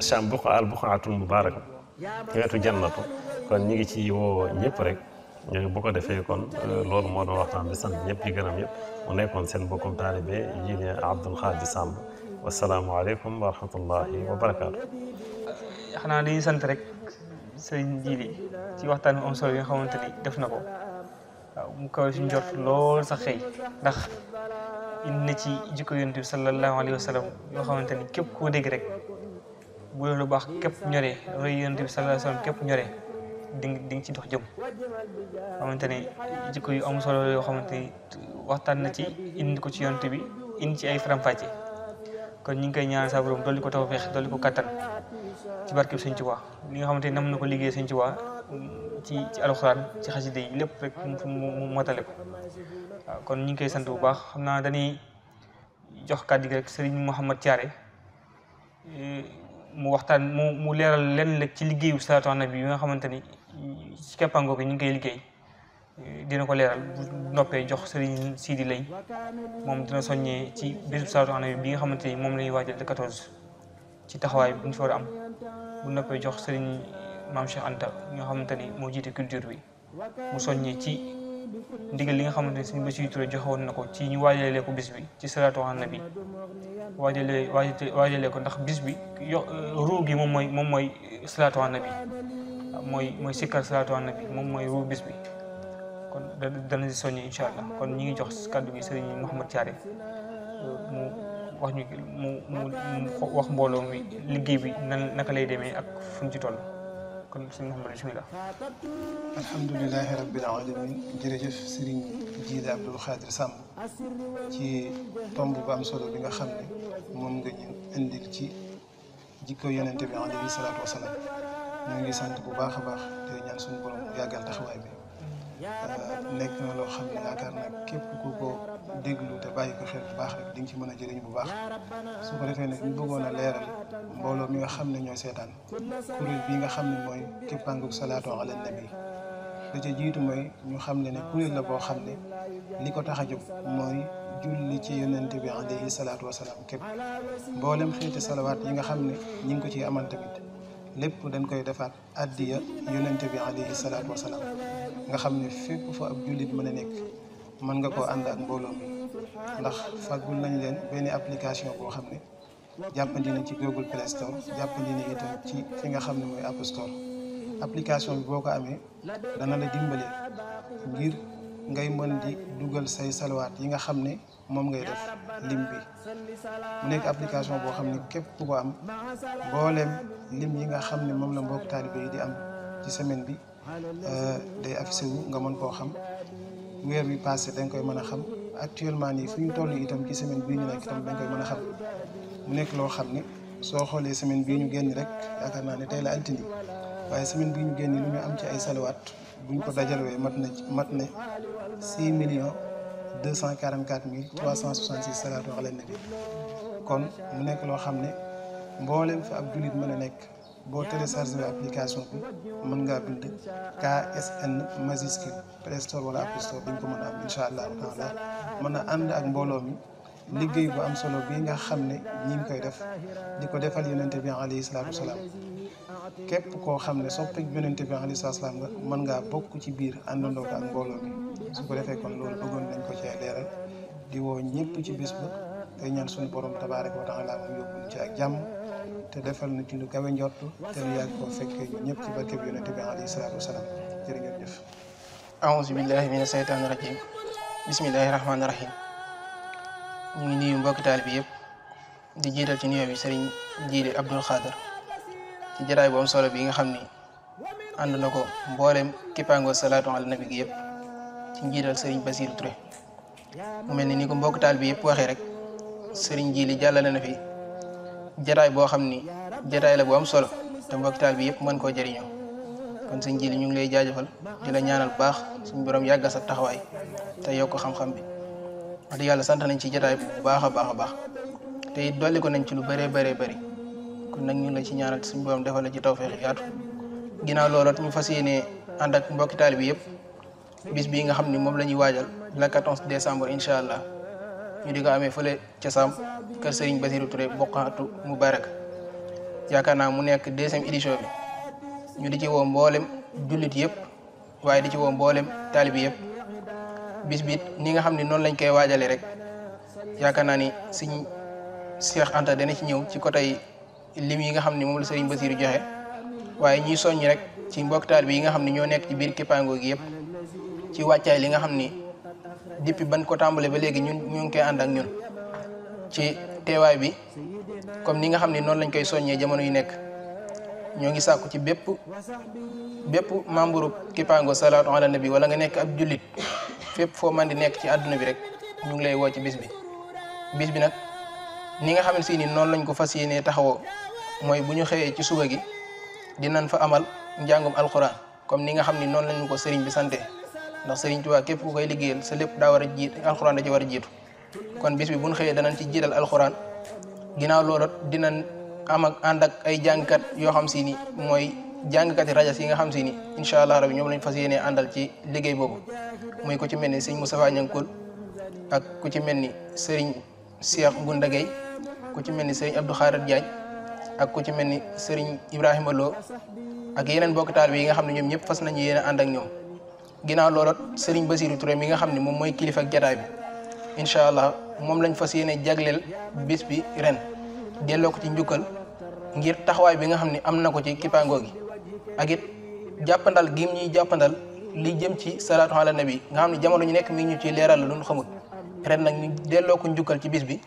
Cham buqa al buqaatul mubaraka wetu jannatu kon ñi ngi ci woo ñëpp rek euh, bu ko defee kon loolu moo doon waxtaan bi sant ñëpp di gërëm ñëpp mu nekkoon seen bokkum taalibe yi ne Abdoul Khady Samb wasalaamualeykum wa rahmatullahi wa sant rek sëriñ waxtaan bi am yi nga xamante ni def na ko waaw mu kawe si njort lool sax xëy ndax. indi na ci jikko yonent bi sallallahu alayhi wa yoo xamante ni képp koo dégg rek bu lu baax képp ñore roy yonent bi sallallahu alayhi wa képp ñore di di nga ci dox jëm xamante ne jikko yu am solo yoo xamante ni waxtaan na ci indi ko ci yonent bi indi ci ay faram kon ñu ngi koy ñaan sa borom dolli ko tawfeex dolli ko kattan ci barkeb Sëñ Tuubaa li nga xamante ni nam na ko liggéey Sëñ Tuubaa ci ci alxuraan ci xasida yi lépp rek mu waaw kon ñu ngi koy sant bu baax xam naa dañuy jox kàddu gi rek Serigne Mouhamad Thiaré mu waxtaan mu mu leeral lenn rek ci liggéeyu salaatu ala nabi bi nga xamante ni ci keppango ñu ngi koy liggéey dina ko leeral noppee jox Serigne Sidi Lay moom dina soññee ci bésub salaatu ala bi nga xamante ni moom la ñuy waajal le ci taxawaay bu ñu fa am bu noppee jox sëriñ Maam Cheikh Anta nga xamante ni moo jiite culture bi mu soññee ci. ndigal li nga xamante ne suñu Bassirou Touré joxe woon na ko ci ñu waajalee ko bis bi ci salaatu ala nabi waajalee waajale ko ndax bis bi yo euh, ruu gi moom mooy moom mooy salaatu ala mooy mooy sikkar salaatu ala nabi moom mooy ruu bis bi kon dana si soññi incha allah kon ñi ngi jox kàddu gi sëriñ Mouhamad Thiaré euh, mu wax ñu mu wax mbooloo mi liggéey bi nan naka lay demee ak fuñ ci toll. kon sëñ Mouhamed bisimilah. alhamdulilahi rabbil alamin jërëjëf sëriñ Jiida Abdul Xaadir Samb ci tomb bu am solo bi nga xam ne moom nga ñu indil ci jikko yonente bi alayhi salaatu wasalaam ñu ngi sant bu baax a baax te ñaan suñu borom yàggal taxawaay bi. Euh, nekk na loo xam ne yaakaar nag képp ku ko déglu te bàyyi ko xel bu baax rek di nga ci mën a jëriñ bu baax su ko defee nag ñu bëggoon a leeral mbooloo mi nga xam ne ñoo seetaan kuréel bii nga xam ne mooy képpangug salaatu ala nabi da ca jiitu mooy ñu xam ne ne kuréel la boo xam ne li ko tax a jóg mooy julli ci yonent bi alayhi salaatu wasalaam képp mboolem xeeti salawaat yi nga xam ne ñi ngi ko ciy amal tamit lépp dañ koy defaat addiya yonent bi alayhi salaatu wasalaam nga xam ne fépp fa ab jullit mën a nekk mën nga koo ànd ak mbooloo mi ndax fàggul nañ leen benn application boo xam ne jàppandi na ci Google Play Store jàppandi na ci fi nga xam ne mooy App Store boo ko amee dana la dimbale ngir ngay mën di dugal say salwaat yi nga xam ne moom ngay def lim bi nekk application boo xam ne képp ku ko am mbooleem lim yi nga xam ne moom la mbokk taalibe di am ci semaine bi Euh, day affiché wu nga mën koo xam weer bi passé dañ koy mën a xam actuellement nii fu ñu toll itam ci semaine bii ñu nekk itam dañ koy mën a xam mu nekk loo xam ne soo xoolee semaine bii ñu génn rek yaakaar naa ne tey la altine waaye semaine bii ñu génn lu ñu am ci ay salawaat buñ ko dajalewee mat na mat na 6 millions 244 mille 366 salaatu ala nabi kon mu nekk loo xam ne mboolem fi ab jullit mën a nekk boo téléchargé application bi mën ngaa bind KSN majuscule Play Store wala Apple dañ ko mën a am incha allah taala mën a ànd ak mbooloo mi liggéey bu am solo bii nga xam ne ñi ngi koy def di ko defal yonente bi alayhi salaatu wasalaam képp koo xam ne soppe yonente bi alayhi salaatu mën ngaa bokk ci biir àndandoo ko ak mbooloo mi su ko defee kon loolu bëggoon dañ ko cee leeral di woo ñëpp ci bis ba tey ñaan suñu borom tabaaraka wa taala mu yóbbu ci ak jàmm te defal na ci lu kawe njort te nu yàgg ko fekkee ñëpp ci barkeb yonente bi alayhi salaatu wasalaam jërë ngeen jëf aouzu rahim ñu ngi nuyu mbokki bi yëpp di jiital ci nuyoo bi sëriñ Jiili Abdul Xaadar ci jaraay bu solo bi nga xam ni ànd na ko mboolem kippaango salaato ala nabi gi yëpp ci njiital sëriñ Basiiru Ture mu mel ni ni ko mbokki bi yëpp waxee rek sëriñ Jiili jàllale na fi jataay boo xam ni jataay la boo am solo te mbokk taal bi yëpp man koo jëriñoo kon sëñ ji li ñu ngi lay jaajëfal di la ñaanal baax suñu borom yàggal sa taxawaay te yokk xam-xam bi wax yàlla sant nañ ci jataay bu baax a baax a baax te it dolli ko nañ ci lu bëree bëree bëri kon nag ñu ngi ci ñaanal suñu borom defal la ci tawfeex yaatu ginnaaw loolu ñu fas yéenee ànd ak mbokk taal bi yëpp bis bii nga xam ni moom la ñuy waajal la 14 décembre incha allah. ñu di ko amee fële ca Sam kër Serigne Basirou Touré Bokkaatu Mubarak yaakaar naa mu nekk deuxième édition ñu di ci woo mboolem jullit yëpp waaye di ci woo mboolem taalibi yëpp bis bi ni nga xam ne noonu lañ koy waajalee rek yaakaar naa ni Serigne Cheikh Anta dana ci ñëw ci côté lim yi nga xam ne moom la Serigne Basirou joxe waaye ñuy soññ rek ci mbokk taalibi yi nga xam ne ñoo nekk ci biir kippaango gi yëpp ci wàccaay li nga xam ni. depuis ban ko tàmbali ba léegi ñun ñu koy ànd ak ñun ci teewaay bi comme ni nga xam ne noonu lañ koy soññee jamono yu nekk ñoo ngi sàkku ci bépp bépp membre Kipango salaatu ala nabi wala nga nekk ab jullit fépp foo man di nekk ci àdduna bi rek ñu ngi lay woo ci bis bi bis bi nag ni nga xam ne si ni noonu lañ ko fas yéenee taxawoo mooy bu ñu xëyee ci suba gi dinañ fa amal njàngum alquran comme ni nga xam ni noonu lañu ko sëriñ bi sante ndax Sëriñ Tuubaa képp ku koy liggéeyal sa lépp daa war a jiit alxuraan da ci war a jiitu kon bis bi buñ xëyee danañ ci jiital alxuraan ginnaaw loolu dinañ am ak ànd ak ay jàngkat yoo xam si ni mooy jàngkat yi rajas yi nga xam si ni incha allah rabi ñoom lañ fas yenee àndal ci liggéey boobu mooy ko ci mel ni sëñ Moustapha Ñankul ak ku ci mel ni sëriñ Cheikh Ngunda Gueye ku ci mel ni sëriñ Abdou Khadir Diagne ak ku ci mel ni sëriñ Ibrahima Lo ak yeneen bokk taal bi nga xam ne ñoom ñëpp fas nañu yéen a ànd ak ñoom ginnaaw loolu Serigne Bassirou Touré mi nga xam ne moom mooy kilifa ak jataay bi incha allah moom lañ fas yéene jagleel bis bi ren delloo ko ci njukkal ngir taxawaay bi nga xam ne am na ko ci kippaangoo gi ak jàppandal gi ñuy jàppandal li jëm ci salaatu ala nabi nga xam ne jamono ñu nekk mi ñu ci leeral la doon ñu ren nag ñu delloo ko njukkal ci bis bi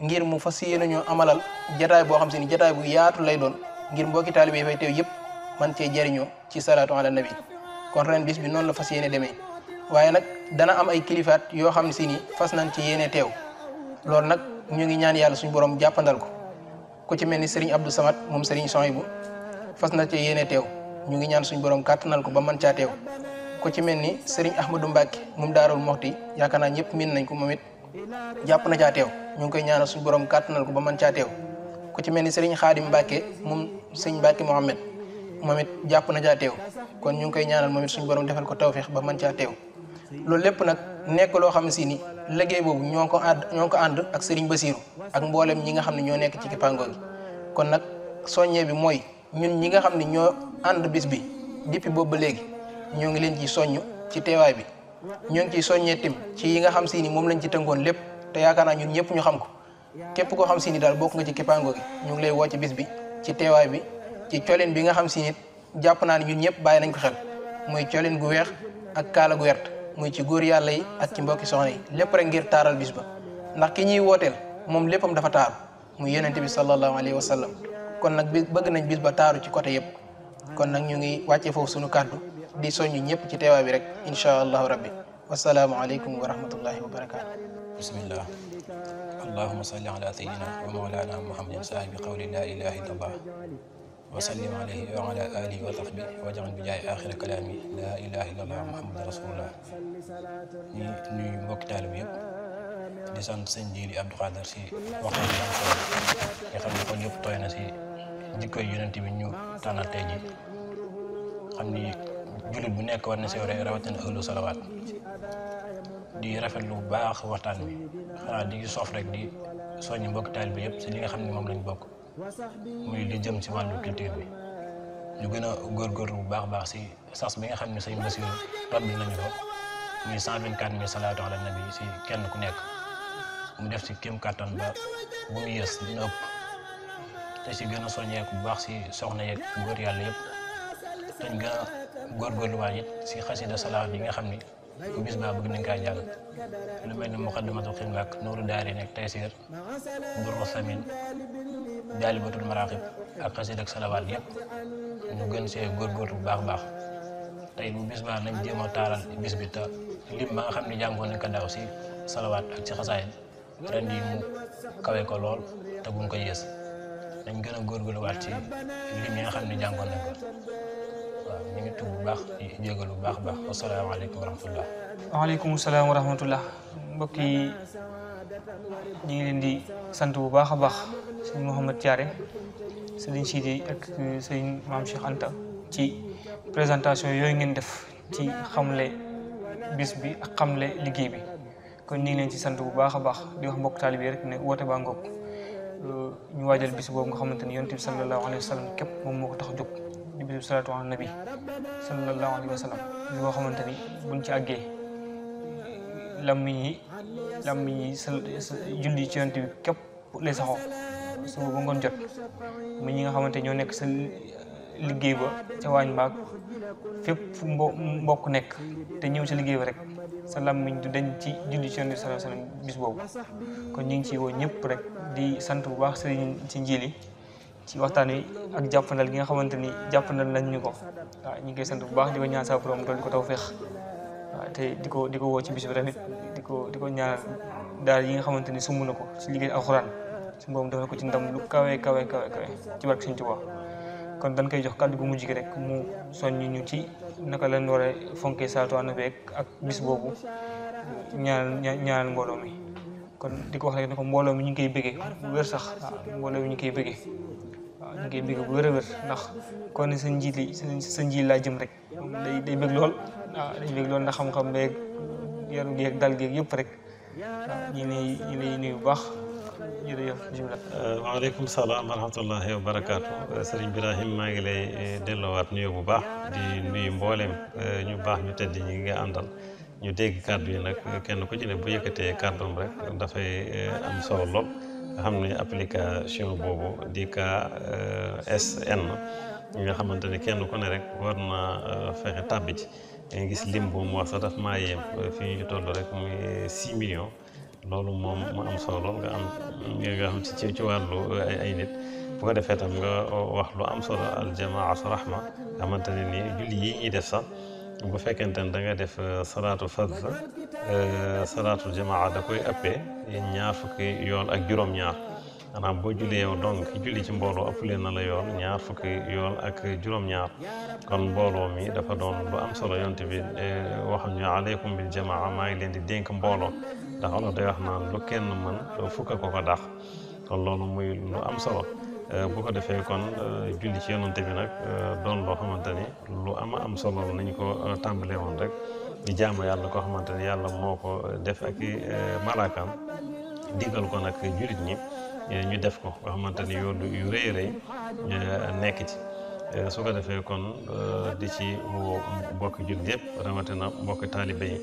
ngir mu fas yéene nañoo amalal jataay boo xam si ni jataay bu yaatu lay doon ngir mbokki taalibe fay teew yëpp man cee jariñoo ci salaatu ala kon ren bis bi noonu la fas yéene demee waaye nag dana am ay kilifaat yoo xam ne si ni fas nañ ci yéene teew loolu nag ñu ngi ñaan yàlla suñu borom jàppandal ko ku ci mel ni Serigne Abdou Samad moom Serigne Sohibou fas na ci yéene teew ñu ngi ñaan suñu borom kàttanal ko ba mën caa ku ci mel ni Serigne Ahmadou Mbacke mu Daarul Moxti yaakaar naa ñëpp miin nañ ko moom it jàpp na caa teew ñu ngi koy ñaanal suñu borom kàttanal ko ba mën caa teew ku ci mel ni Serigne Khadim Mbacke mu Serigne mbàkki Mohamed. moom it jàpp na caa teew kon ñu ngi koy ñaanal moom it suñu borom defal ko tawféex ba man caa teew loolu lépp nag nekk loo xam si ni liggéey boobu ñoo ko ànd ñoo ngi ko ànd ak Serigne Bassirou ak mboolem ñi nga xam ne ñoo nekk ci kipango gi kon nag soññee bi mooy ñun ñi nga xam ne ñoo ànd bi depuis boobu ba léegi ñoo ngi leen ciy soññ ci teewaay bi ñoo ngi ciy soññee tim ci yi nga xam si ni moom lañ ci tënkoon lépp te yaakaar naa ñun ñëpp ñu xam ko képp koo xam si ni daal bokk nga ci kipango gi ñu ngi lay woo ci bis bi ci teewaay bi ci colin bi nga xam si nit jàpp naa ne ñu ñëpp bàyyi nañ ko xel muy colin gu weex ak kaala gu wert muy ci góor yàlla yi ak ci mbokki soxna yi lépp rek ngir taaral bis ba ndax ki ñuy wooteel moom léppam dafa taaru muy yonente bi sallallahu alayhi wa sallam kon nag bi bëgg nañ bis ba taaru ci côté yëpp kon nag ñu ngi wàcce foofu suñu kàddu di soññu ñëpp ci teewaay bi rek inchaa allahu rabbi wasalaamualeykum wa rahmatullahi wa barakaatu bismillah allahuma salli ala sayidina wa maulana muhammadin saahibi qawli la ilaha wasallim alayhi wa ala alihi bi jaay axira kalaami laa ilaha illallah muhammad rasulullah ñu nuyu mbokki taalib yëpp di sant sëñ Jili Abdou Khader si waxtaan bi am xam ne kon yëpp tooy na si jikkoy yonent bi ñu tànnal tey ji xam ni jullit bu nekk war na si rawatina ahlu salawaat di rafetlu bu baax waxtaan bi xanaa di soof rek di soññ mbokki taalib yëpp si li nga xam ne moom lañ bokk. muy li jëm ci wàllu culture bi ñu gën a góor bu baax baax si sas bi nga xam ne sëñ Basiru tàmbali nañu ko muy 124 000 salaatu ala nabi si kenn ku nekk mu def si kéem kattan ba bu mu yës si gën a baax si soxna yeeg góor yàlla yëpp dañ gën a góorgóorluwaat it si xasida salaat yi nga xam ni. gis naa bëgg nañ kaa jàng lu mel ni muqaddamatul xidma ak nuuru daari nekk taysiir duru samin jaalibatul maraqib ak xasid ak salawaat yëpp mu gën see góorgóorlu bu baax baax tey bu bis baax nañ jéem a taaral bis bi te lim ba nga xam ne jàngoon nañ ko daaw si salawaat ak si xasaayid ren yi mu kawe ko lool te buñ ko yées dañ gën a góorgóorluwaat ci lim yi nga xam ne jàngoon nañ ñu ngi tuub bu baax di baax baax wasalaamaaleykum salaam wa rahmatullah mbokk yi ñu ngi leen di sant bu baax a baax sëñ Mouhamed Thiaré sëñ Sidi ak sëñ Maam Cheikh Anta ci présentation yooyu ngeen def ci xamle bis bi ak xamle liggéey bi kon ñu ngi leen ci sant bu baax a baax di wax mbokk taalibe rek ne woote baa ngoog ñu waajal bis boobu nga xamante ni yonent bi sallallahu alayhi wa sallam moom moo ko tax jóg di bisub salaatu ala nabi sallallahu alayhi wa sallam li nga xamante ni buñ ci àggee lammiñ yi lammiñ yi sa julli ci yonent bi képp lay saxoo suba ba ngoon jot mu ñi nga xamante ñoo nekk sa liggéey ba ca waañ mbaag fépp fu mbokk nekk te ñëw sa liggéey ba rek sa lammiñ du dañ ci julli ci yonent bi sallallahu alayhi wa sallam bis boobu kon ñu ngi ci woo ñëpp rek di sant bu baax sëriñ ci njiili ci waxtaan wi ak jàppandal gi nga xamante ni jàppandal nañ ñu ko waaw ñu ngi koy sant bu baax di ko ñaan sa borom doon ko taw feex waaw te di ko di ko woo ci bis bi tamit di ko di ko ñaanal daal yi nga xamante ni sumb na ko ci liggéey alxuraan su boobu defal ko ci ndam lu kawe kawe kawe kawe ci barke kon dañ koy jox kàddu gu mujj gi rek mu soññi ñu ci naka lan war a fonkee saatu ànd beeg ak bis boobu ñaanal ñaanal mbooloo mi kon di ko wax rek ko mbooloo mi ñu ngi koy bëggee wér sax waaw mbooloo mi ñu ngi koy bëggee waaw ñu ngi koy bu wér a wér ndax kon ne seen njiit yi seen njiit laa jëm rek moom day day lool waaw day bëgg lool ndax xam-xam beeg yaru geeg dal geeg yëpp rek waaw ñu lay ñu lay nuyu baax jërëjëf bisimilah. Euh, waaleykum salaam wa rahmatullahi wa barakaatu euh, sëriñ Birahim maa ngi lay euh, delloowaat nuyu bu baax di nuyu mbooleem ñu baax ñu tedd ñi nga àndal. ñu dégg kàddu yi nag kenn ko ci ne bu yëkkatee kàddoom rek dafay am solo lool nga xam ne application boobu di KSN euh, nga xamante ne kenn ku ne rek war na euh, fexe tàbbi ci nga gis lim bu mu wax sax daf maa yem euh, fi ñu toll rek muy 6 millions loolu moom mu am solo nga am nga xam ci ci wàllu ay nit bu ko defee tam nga wax lu am solo aljamaatu rahma nga xamante ne nii julli yi ñuy def sax bu fekkente ne da nga def salaatu fadl Euh, salaatul jamaa da koy ëppee ñaar fukk yoon ak juróom-ñaar maanaam boo julli yow donc julli ci mbooloo ëppale na la yoon ñaar fukk yoon ak juróom-ñaar kon mbooloo mi dafa doon lu am solo yonte bi euh, waxam ñu aleykum maa ngi leen di dénk mbooloo ndax olof kenn mën fukka ko ko dax am solo euh, bu ko defee kon julli ci yonante bi nag doon loo xamante ni lu ama am solo nañ ko tàmbalee woon rek di jaamu yàlla koo xamante ne yàlla moo ko def ak i eh, malaakaam digal ko nag jurit ñi eh, ñu def ko nga xamante ni yoon yu rëy rëy eh, nekk ci su ko defee kon di ci woo mbokki jurit yëpp rawatina mbokki taalibe yi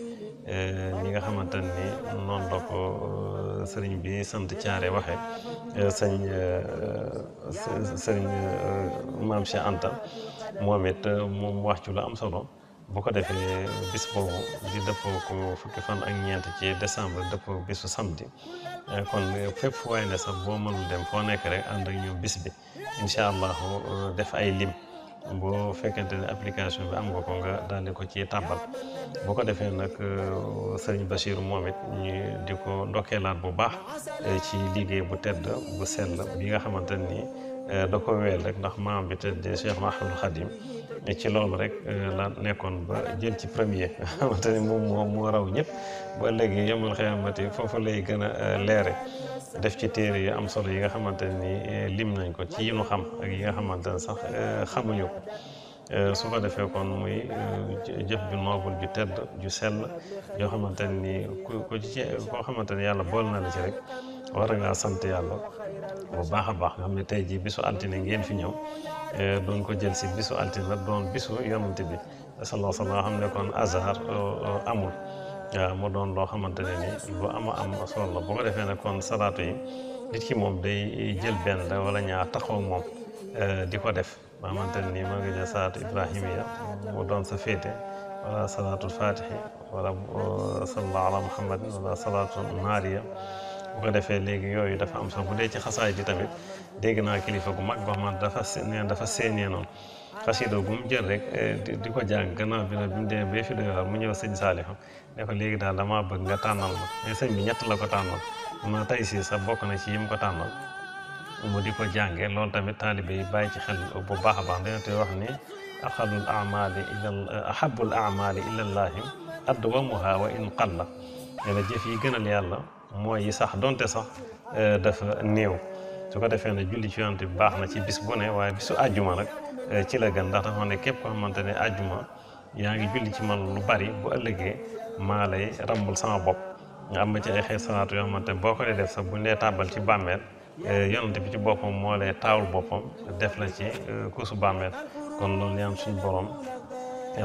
ñi nga xamante ni noonu la ko sëriñ bi sant caare waxee sëñ sëriñ maam Cheikh Anta moom it moom wax ci lu am solo boo ko defee bis boobu di dëppoo ko fukki fan ak ñeent ci décembre dëppoo bisu samedi eh, kon fépp fu waay ne sax boo mënul dem foo nekk rek ànd ak ñoom bis bi incha allahu eh, def ay lim boo fekkente ne application bi am nga ko nga daal ko ci tàbbal boo ko defee nag eh, sëriñ Bachir moom it ñu di ko ndokkeelaat bu baax ci liggéey bu tedd bu sell bi nga xamante ni da ko weel rek ndax maam bi tëddee Cheikh Mahamadou Khadim ci loolu rek euh, la nekkoon ba jël ci premier xamante ni moom moo moo raw ñëpp ba léegi yombal xiyamati foofu lay gën a euh, leere def ci téere yi am solo yi nga xamante ni euh, lim nañ ko ci yi xam ak yi nga xamante ne sax xamuñu ko su ko defee kon muy jëf ju noobul ju tedd ju sell yoo xamante ni ku ku koo xamante ni yàlla bool na la ci rek war ngaa sant yàlla bu baax a baax nga xam ne tey jii bisu altine ngeen fi ñëw doon eh, ko jël si bisu altine la doon bisu yonante bi sallallahu alayhi wa sallam ne kon azhar eh, eh, amul doon loo xamante ne ni lu ama am ko defee nag kon salaatu yi nit moom day jël benn wala ñaar taxaw moom di ko def ba xamante ne nii moo ngi jël salaatu ibrahimiya mu doon sa féete wala salaatul fatihi wala sallallahu ala muhammadin wala salaatu naariya bu ko defee léegi yooyu dafa am solo bu dee ci xasaay ji tamit dégg naa kilifa gu mag boo xamante dafa seen dafa seenee noonu xasida gu mu rek eh, di ko jàng gannaaw bi nag bi mu ñëw sëñ Saalifa ne léegi daal damaa nga tànnal ma mais sëñ bi ñett la ko tànnal ma tey si sa bokk na ci yi ko tànnal mu di ko jàngee loolu tamit taalibe yi bàyyi ci xel bu baax a baax dina te wax ni axalul amali ila ahabul amali ilallaahi adwamuha wa in qalla ne la jëf yi gënal yàlla mooy yi sax donte sax euh, dafa néew su ko defee ne julli ci yonent bi baax na ci bis bu ne waaye bisu àjjuma nag euh, ci la gën ndax dafa ne képp koo xamante ne àjjuma yaa ngi julli ci man lu bari bu ëllëgee maa lay rambul sama bopp nga am ci ay xeet salaatu yoo xamante ne boo ko dee def sax buñ dee tàbbal ci bàmmeel euh, yonent bi ci boppam moo lay taawul boppam def la ci kuusu bàmmeel kon loolu yaan suñ boroom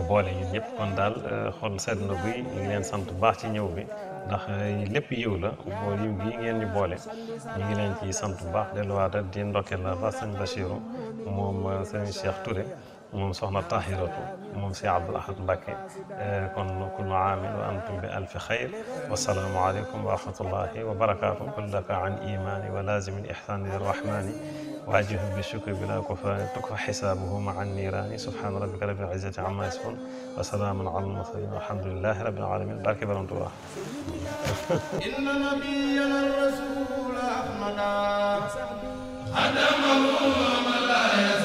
boole ñun ñëpp kon daal xol sedd na buy leen sant bu baax ci ñëw bi ndax eh, lépp yiw la boo yiw gii ngeen ñu boole ñu ngi leen ci sant bu baax delluwaat di ndokkeel la ba sëñ Bachirou moom eh, sëñ Cheikh Touré moom soxna Tahiratu moom si Abdoul Ahad Mbacké eh, kon kullu aamin wa antum bi alfi xayr wasalaamu aleykum wa rahmatullahi wa barakaatu kullaka an imani wa lazimin ihsani lirrahmani وأعجبه بالشكر بلا كفران تكفى حسابه مع النيران سبحان ربك رب العزة عما يصفون وسلام على المرسلين والحمد لله رب العالمين بارك برمت الله إن نبينا الرسول أحمد خدمه وما لا يزال